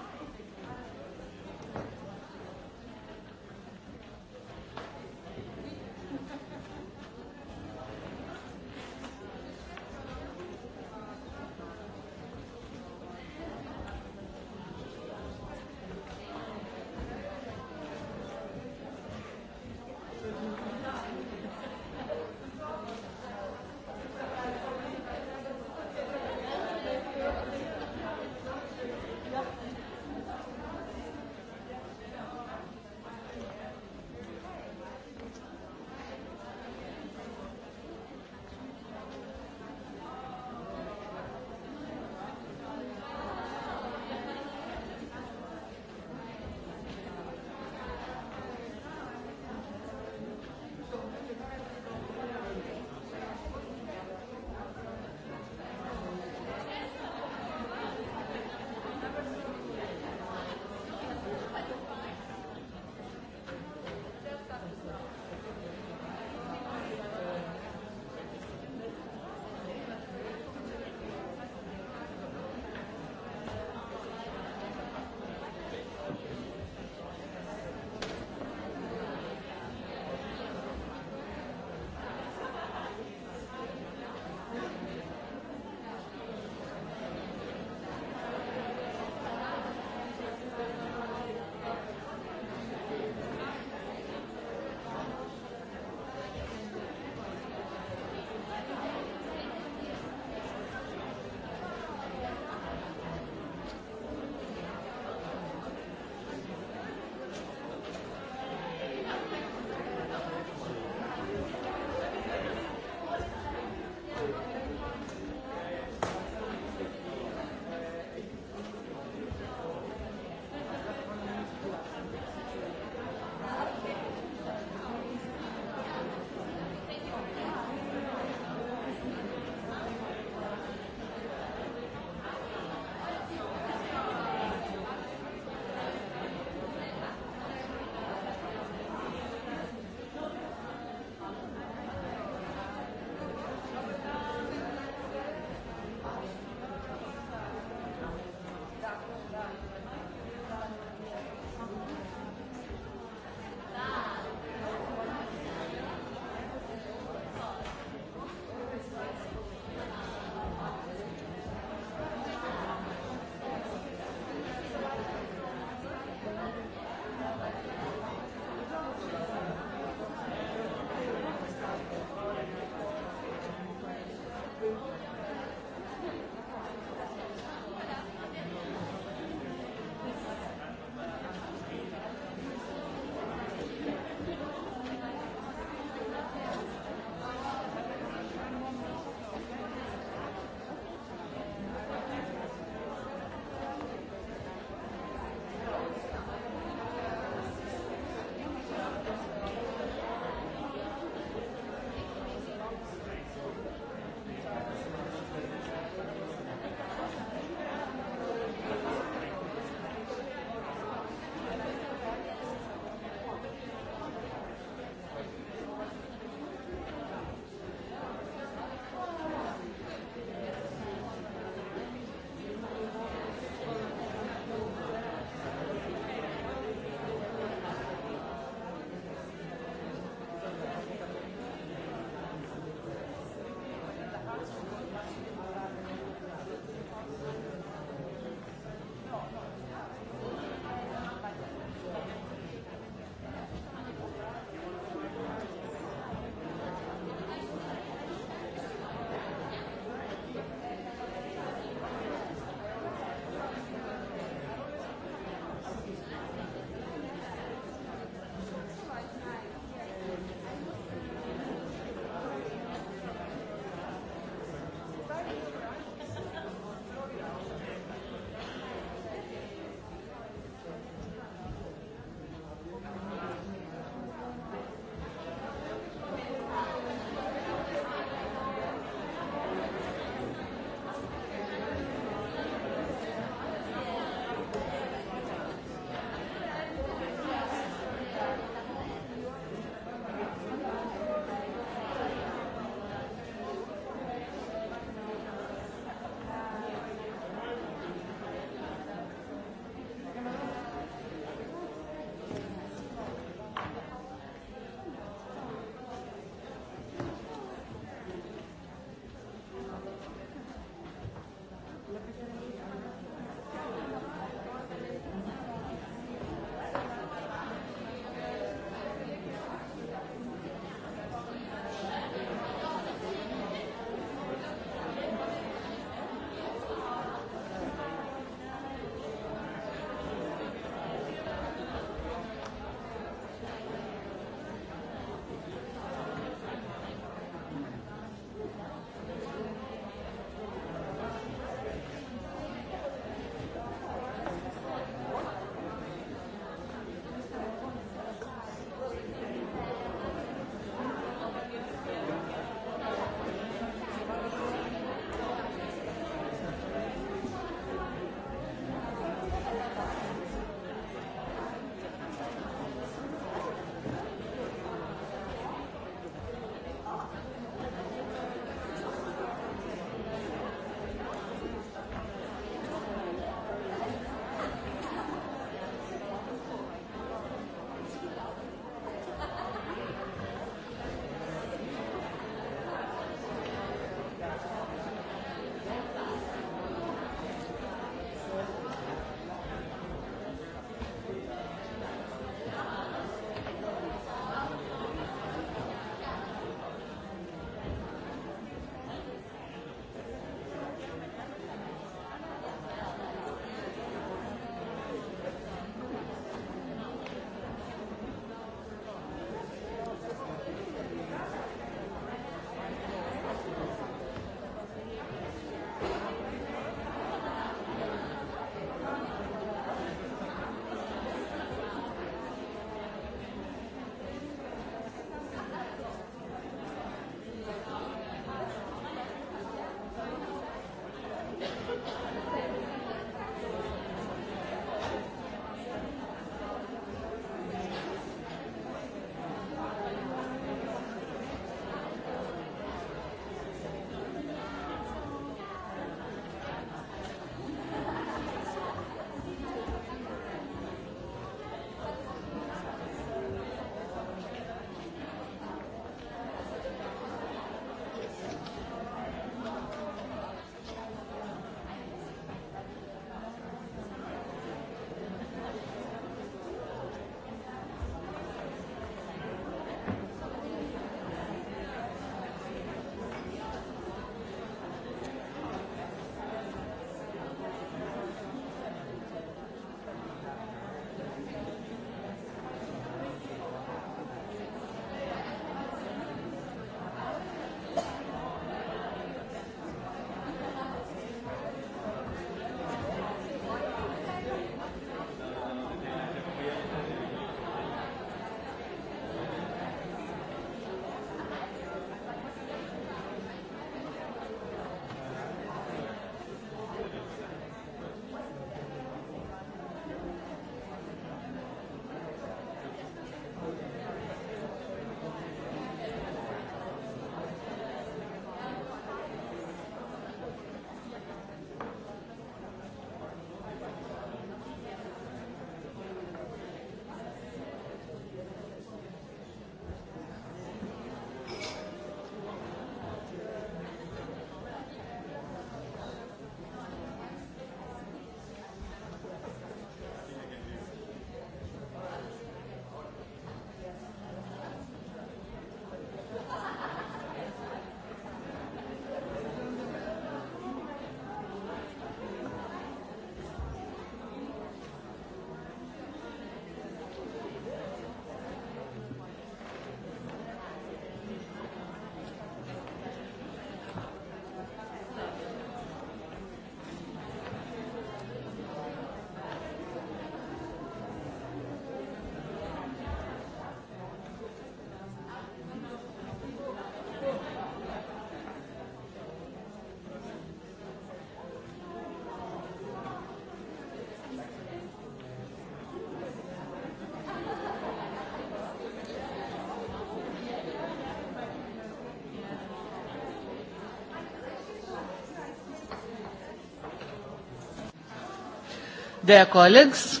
Dear colleagues,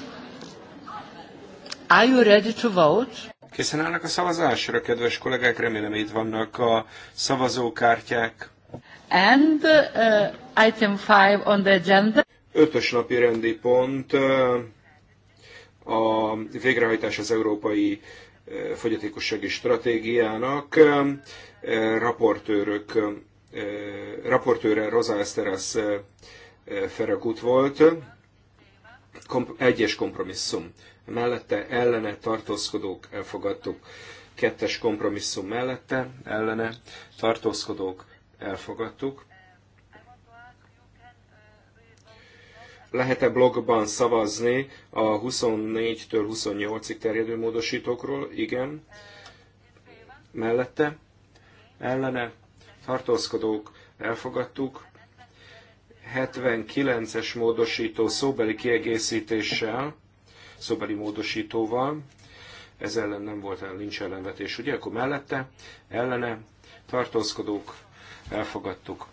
are you ready to vote? Készen állnak a szavazásra, kedves kollégák, remélem itt vannak a szavazókártyák. And uh, item 5 on the agenda. Ötös napi rendi pont uh, a végrehajtás az európai uh, fogyatékossági stratégiának. Uh, raportőrök, raportőre Rosa Esteras Ferakut volt. Komp- egyes kompromisszum mellette, ellene tartózkodók elfogadtuk. Kettes kompromisszum mellette, ellene tartózkodók elfogadtuk. lehet-e blogban szavazni a 24-től 28-ig terjedő módosítókról? Igen. Mellette? Ellene? Tartózkodók? Elfogadtuk. 79-es módosító szóbeli kiegészítéssel, szóbeli módosítóval, ez ellen nem volt el, nincs ellenvetés, ugye? Akkor mellette, ellene, tartózkodók, elfogadtuk.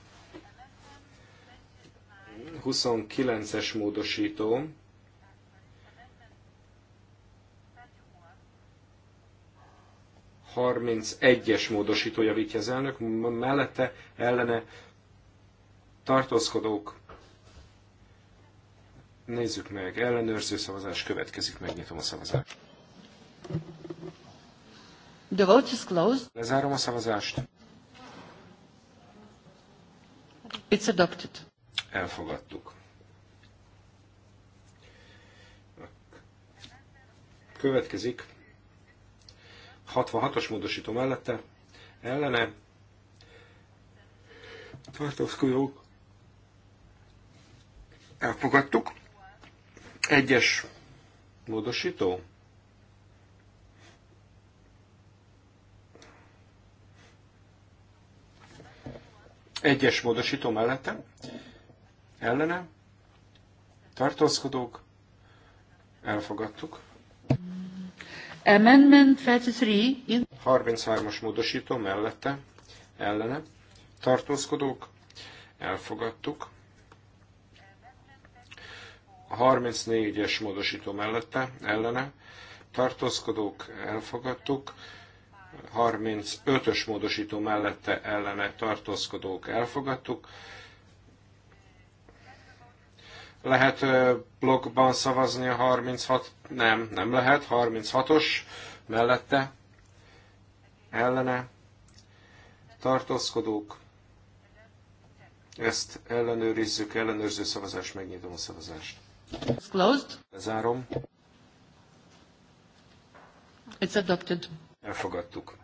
29-es módosító, harminc egyes módosító javítja az elnök, mellette, ellene tartózkodók. Nézzük meg, ellenőrző szavazás következik, megnyitom a szavazást. The vote is closed. Lezárom a szavazást. It's adopted. Elfogadtuk. Következik 66-os módosító mellette, ellene tartózkodók Elfogadtuk. Egyes módosító. Egyes módosító mellette. Ellene. Tartózkodók. Elfogadtuk. Amendment 33. 33-as módosító mellette. Ellene. Tartózkodók. Elfogadtuk. 34-es módosító mellette, ellene, tartózkodók elfogadtuk, 35-ös módosító mellette ellene tartózkodók elfogadtuk. Lehet blogban szavazni a 36, nem, nem lehet, 36-os mellette ellene tartózkodók. Ezt ellenőrizzük, ellenőrző szavazást, megnyitom a szavazást. It's closed. Lezárom. It's adopted. Elfogadtuk.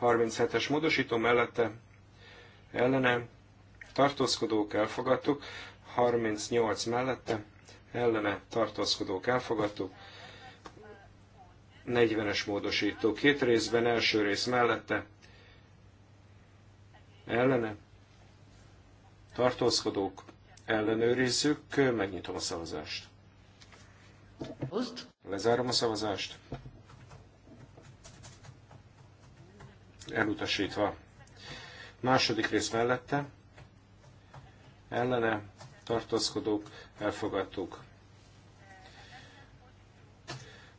37-es módosító mellette ellene tartózkodók elfogadtuk, 38 mellette ellene tartózkodók elfogadtuk, 40-es módosító két részben, első rész mellette ellene tartózkodók ellenőrizzük, megnyitom a szavazást. Lezárom a szavazást. Elutasítva. Második rész mellette. Ellene tartózkodók, elfogadtuk.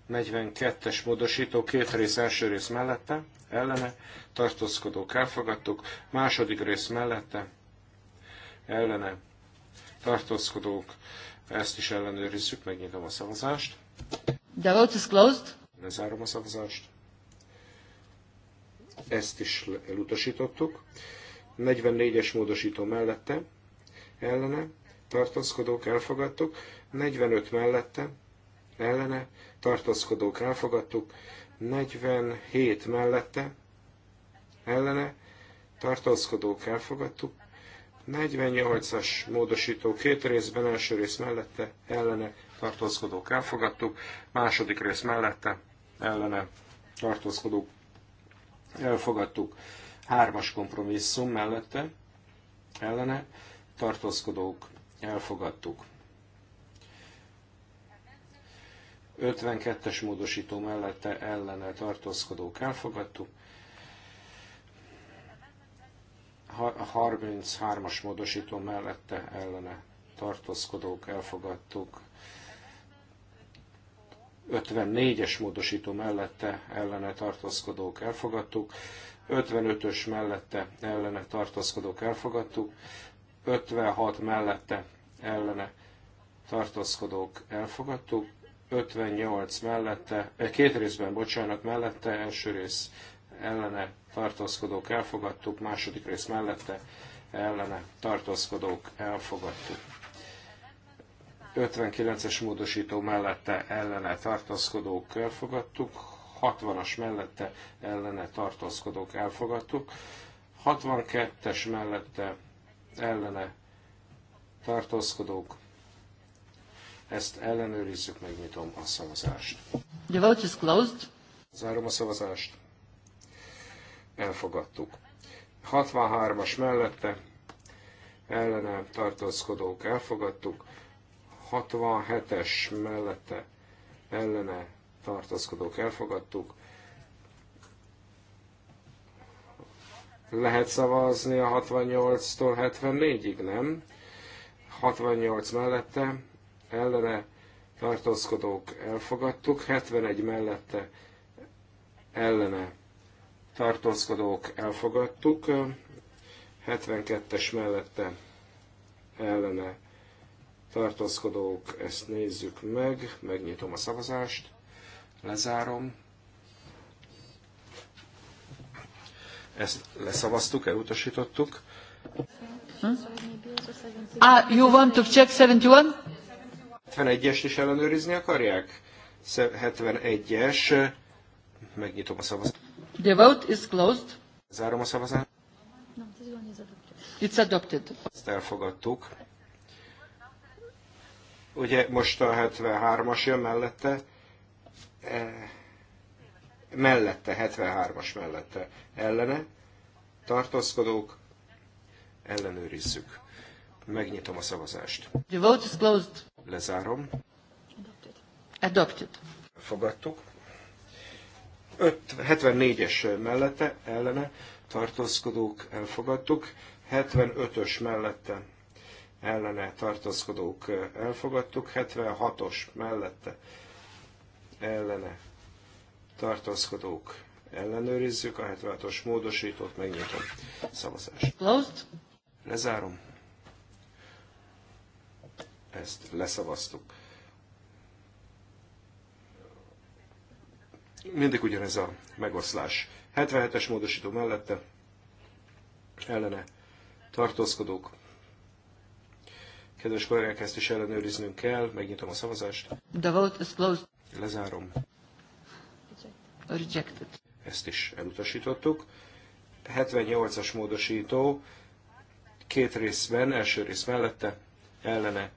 42-es módosító két rész első rész mellette, ellene, tartózkodók elfogadtuk, második rész mellette, ellene, tartózkodók, ezt is ellenőrizzük, megnyitom a szavazást. The vote is closed. Lezárom a szavazást. Ezt is elutasítottuk. 44-es módosító mellette, ellene, tartózkodók, elfogadtuk. 45 mellette, ellene, tartózkodók, elfogadtuk. 47 mellette, ellene, tartózkodók, elfogadtuk. 48-as módosító két részben, első rész mellette, ellene, tartózkodók elfogadtuk, második rész mellette, ellene, tartózkodók elfogadtuk, hármas kompromisszum mellette, ellene, tartózkodók elfogadtuk. 52-es módosító mellette ellene tartózkodók elfogadtuk, 33-as módosító mellette ellene tartózkodók elfogadtuk. 54-es módosító mellette ellene tartózkodók elfogadtuk. 55-ös mellette ellene tartózkodók elfogadtuk. 56 mellette ellene tartózkodók elfogadtuk. 58 mellette, eh, két részben, bocsánat, mellette első rész ellene tartózkodók elfogadtuk, második rész mellette ellene tartózkodók elfogadtuk. 59-es módosító mellette ellene tartózkodók elfogadtuk, 60-as mellette ellene tartózkodók elfogadtuk, 62-es mellette ellene tartózkodók. Ezt ellenőrizzük, megnyitom a szavazást. The vote is closed. Zárom a szavazást elfogadtuk. 63-as mellette ellene tartózkodók elfogadtuk, 67-es mellette ellene tartózkodók elfogadtuk. Lehet szavazni a 68-tól 74-ig, nem? 68 mellette ellene tartózkodók elfogadtuk, 71 mellette ellene tartózkodók elfogadtuk, 72-es mellette ellene tartózkodók, ezt nézzük meg, megnyitom a szavazást, lezárom. Ezt leszavaztuk, elutasítottuk. Hm? Ah, you want to check 71? 71-est is ellenőrizni akarják? 71-es. Megnyitom a szavazást. The vote is closed. Zárom a szavazást. It's adopted. Ezt elfogadtuk. Ugye most a 73-as jön mellette. E, Mellette, 73-as mellette. Ellene. Tartózkodók. Ellenőrizzük. Megnyitom a szavazást. The vote is closed. Lezárom. Adopted. Adopted. Fogadtuk. 74-es mellette ellene tartózkodók elfogadtuk, 75-ös mellette ellene tartózkodók elfogadtuk, 76-os mellette ellene tartózkodók ellenőrizzük, a 76-os módosítót megnyitom. Szavazás. Closed. Lezárom. Ezt leszavaztuk. Mindig ugyanez a megoszlás. 77-es módosító mellette ellene tartózkodók. Kedves kollégák, ezt is ellenőriznünk kell. Megnyitom a szavazást. The vote is closed. Lezárom. Rejected. Ezt is elutasítottuk. 78-as módosító két részben, első rész mellette, ellene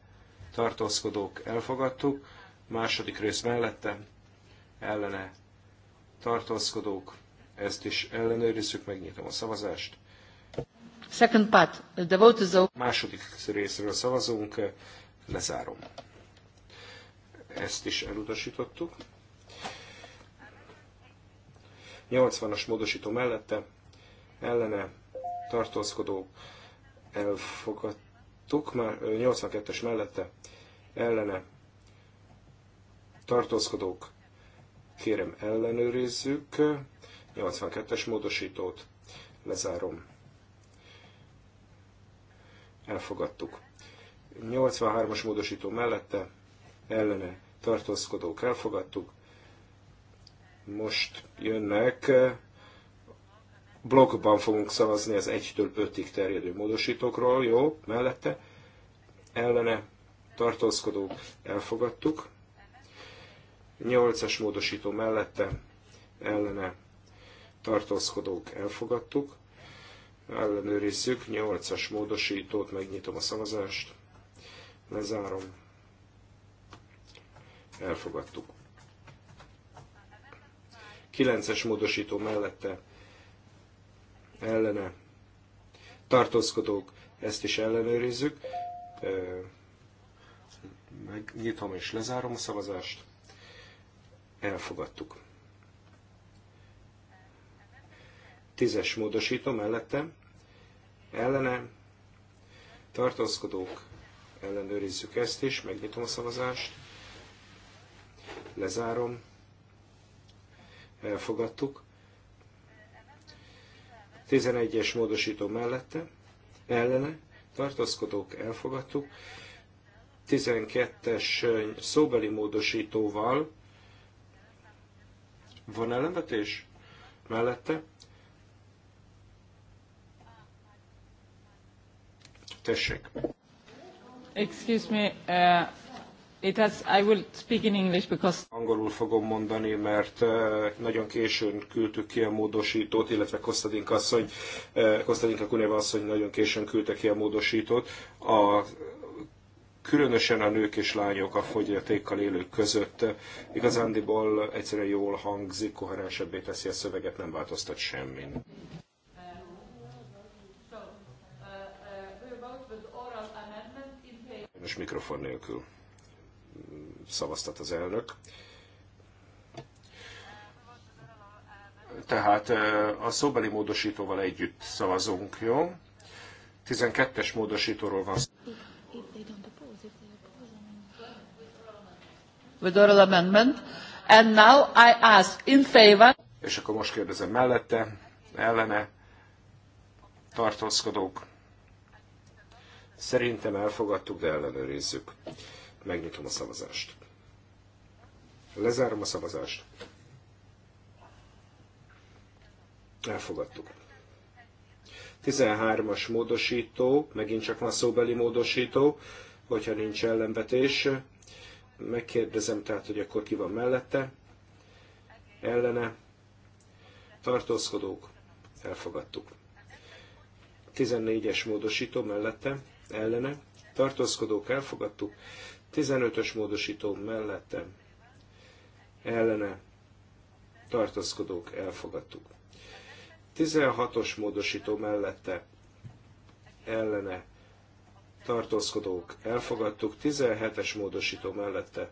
tartózkodók elfogadtuk, második rész mellette, ellene tartózkodók, ezt is ellenőrizzük, megnyitom a szavazást. Second part, the vote is open. Második részről szavazunk, lezárom. Ezt is elutasítottuk. 80-as módosító mellette, ellene tartózkodó elfogadtuk, már 82-es mellette, ellene tartózkodók Kérem ellenőrizzük. 82-es módosítót lezárom. Elfogadtuk. 83-as módosító mellette ellene tartózkodók elfogadtuk. Most jönnek, blogban fogunk szavazni az 1-től 5-ig terjedő módosítókról, jó, mellette ellene tartózkodók elfogadtuk. 8-as módosító mellette ellene tartózkodók elfogadtuk. Ellenőrizzük, 8-as módosítót, megnyitom a szavazást, lezárom, elfogadtuk. 9-es módosító mellette ellene tartózkodók, ezt is ellenőrizzük. Megnyitom és lezárom a szavazást elfogadtuk. Tízes módosító mellette, ellene, tartózkodók, ellenőrizzük ezt is, megnyitom a szavazást, lezárom, elfogadtuk. 11-es módosító mellette, ellene, tartózkodók, elfogadtuk. 12-es szóbeli módosítóval van ellenvetés? Mellette? Tessék. Excuse me, uh, it has, I will speak in English because... Angolul fogom mondani, mert uh, nagyon későn küldtük ki a módosítót, illetve Kostadinka asszony, uh, Kostadinka Kuneva asszony nagyon későn küldte ki a módosítót. A különösen a nők és lányok a fogyatékkal élők között igazándiból egyszerűen jól hangzik, koherensebbé teszi a szöveget, nem változtat semmin. Most mikrofon nélkül szavaztat az elnök. Tehát a szóbeli módosítóval együtt szavazunk, jó? 12-es módosítóról van szó. with oral amendment. And now I ask in favor. És akkor most kérdezem mellette, ellene, tartózkodók. Szerintem elfogadtuk, de ellenőrizzük. Megnyitom a szavazást. Lezárom a szavazást. Elfogadtuk. 13-as módosító, megint csak van szóbeli módosító, hogyha nincs ellenvetés, megkérdezem, tehát, hogy akkor ki van mellette, ellene, tartózkodók, elfogadtuk. 14-es módosító mellette, ellene, tartózkodók, elfogadtuk. 15-ös módosító mellette, ellene, tartózkodók, elfogadtuk. 16-os módosító mellette, ellene, tartózkodók elfogadtuk, 17-es módosító mellette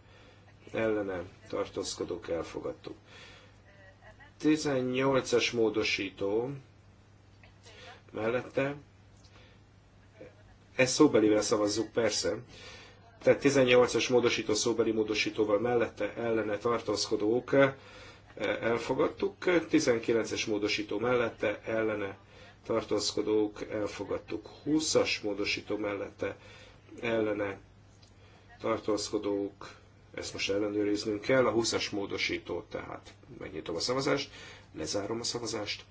ellene tartózkodók elfogadtuk. 18-es módosító mellette, ezt szóbelivel szavazzuk persze, tehát 18-as módosító szóbeli módosítóval mellette ellene tartózkodók e, elfogadtuk, 19-es módosító mellette ellene tartózkodók elfogadtuk. 20-as módosító mellette ellene tartózkodók, ezt most ellenőriznünk kell, a 20-as módosító, tehát megnyitom a szavazást, lezárom a szavazást,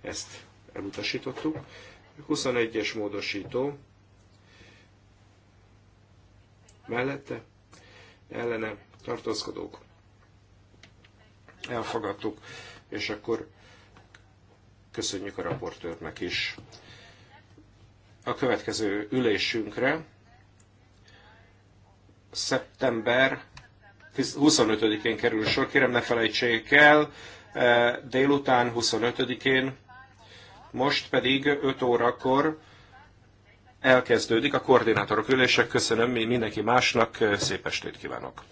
ezt elutasítottuk. 21-es módosító mellette ellene tartózkodók elfogadtuk, és akkor Köszönjük a raportőrnek is. A következő ülésünkre szeptember 25-én kerül sor. Kérem, ne felejtsék el, e, délután 25-én, most pedig 5 órakor elkezdődik a koordinátorok ülése. Köszönöm mindenki másnak, e, szép estét kívánok!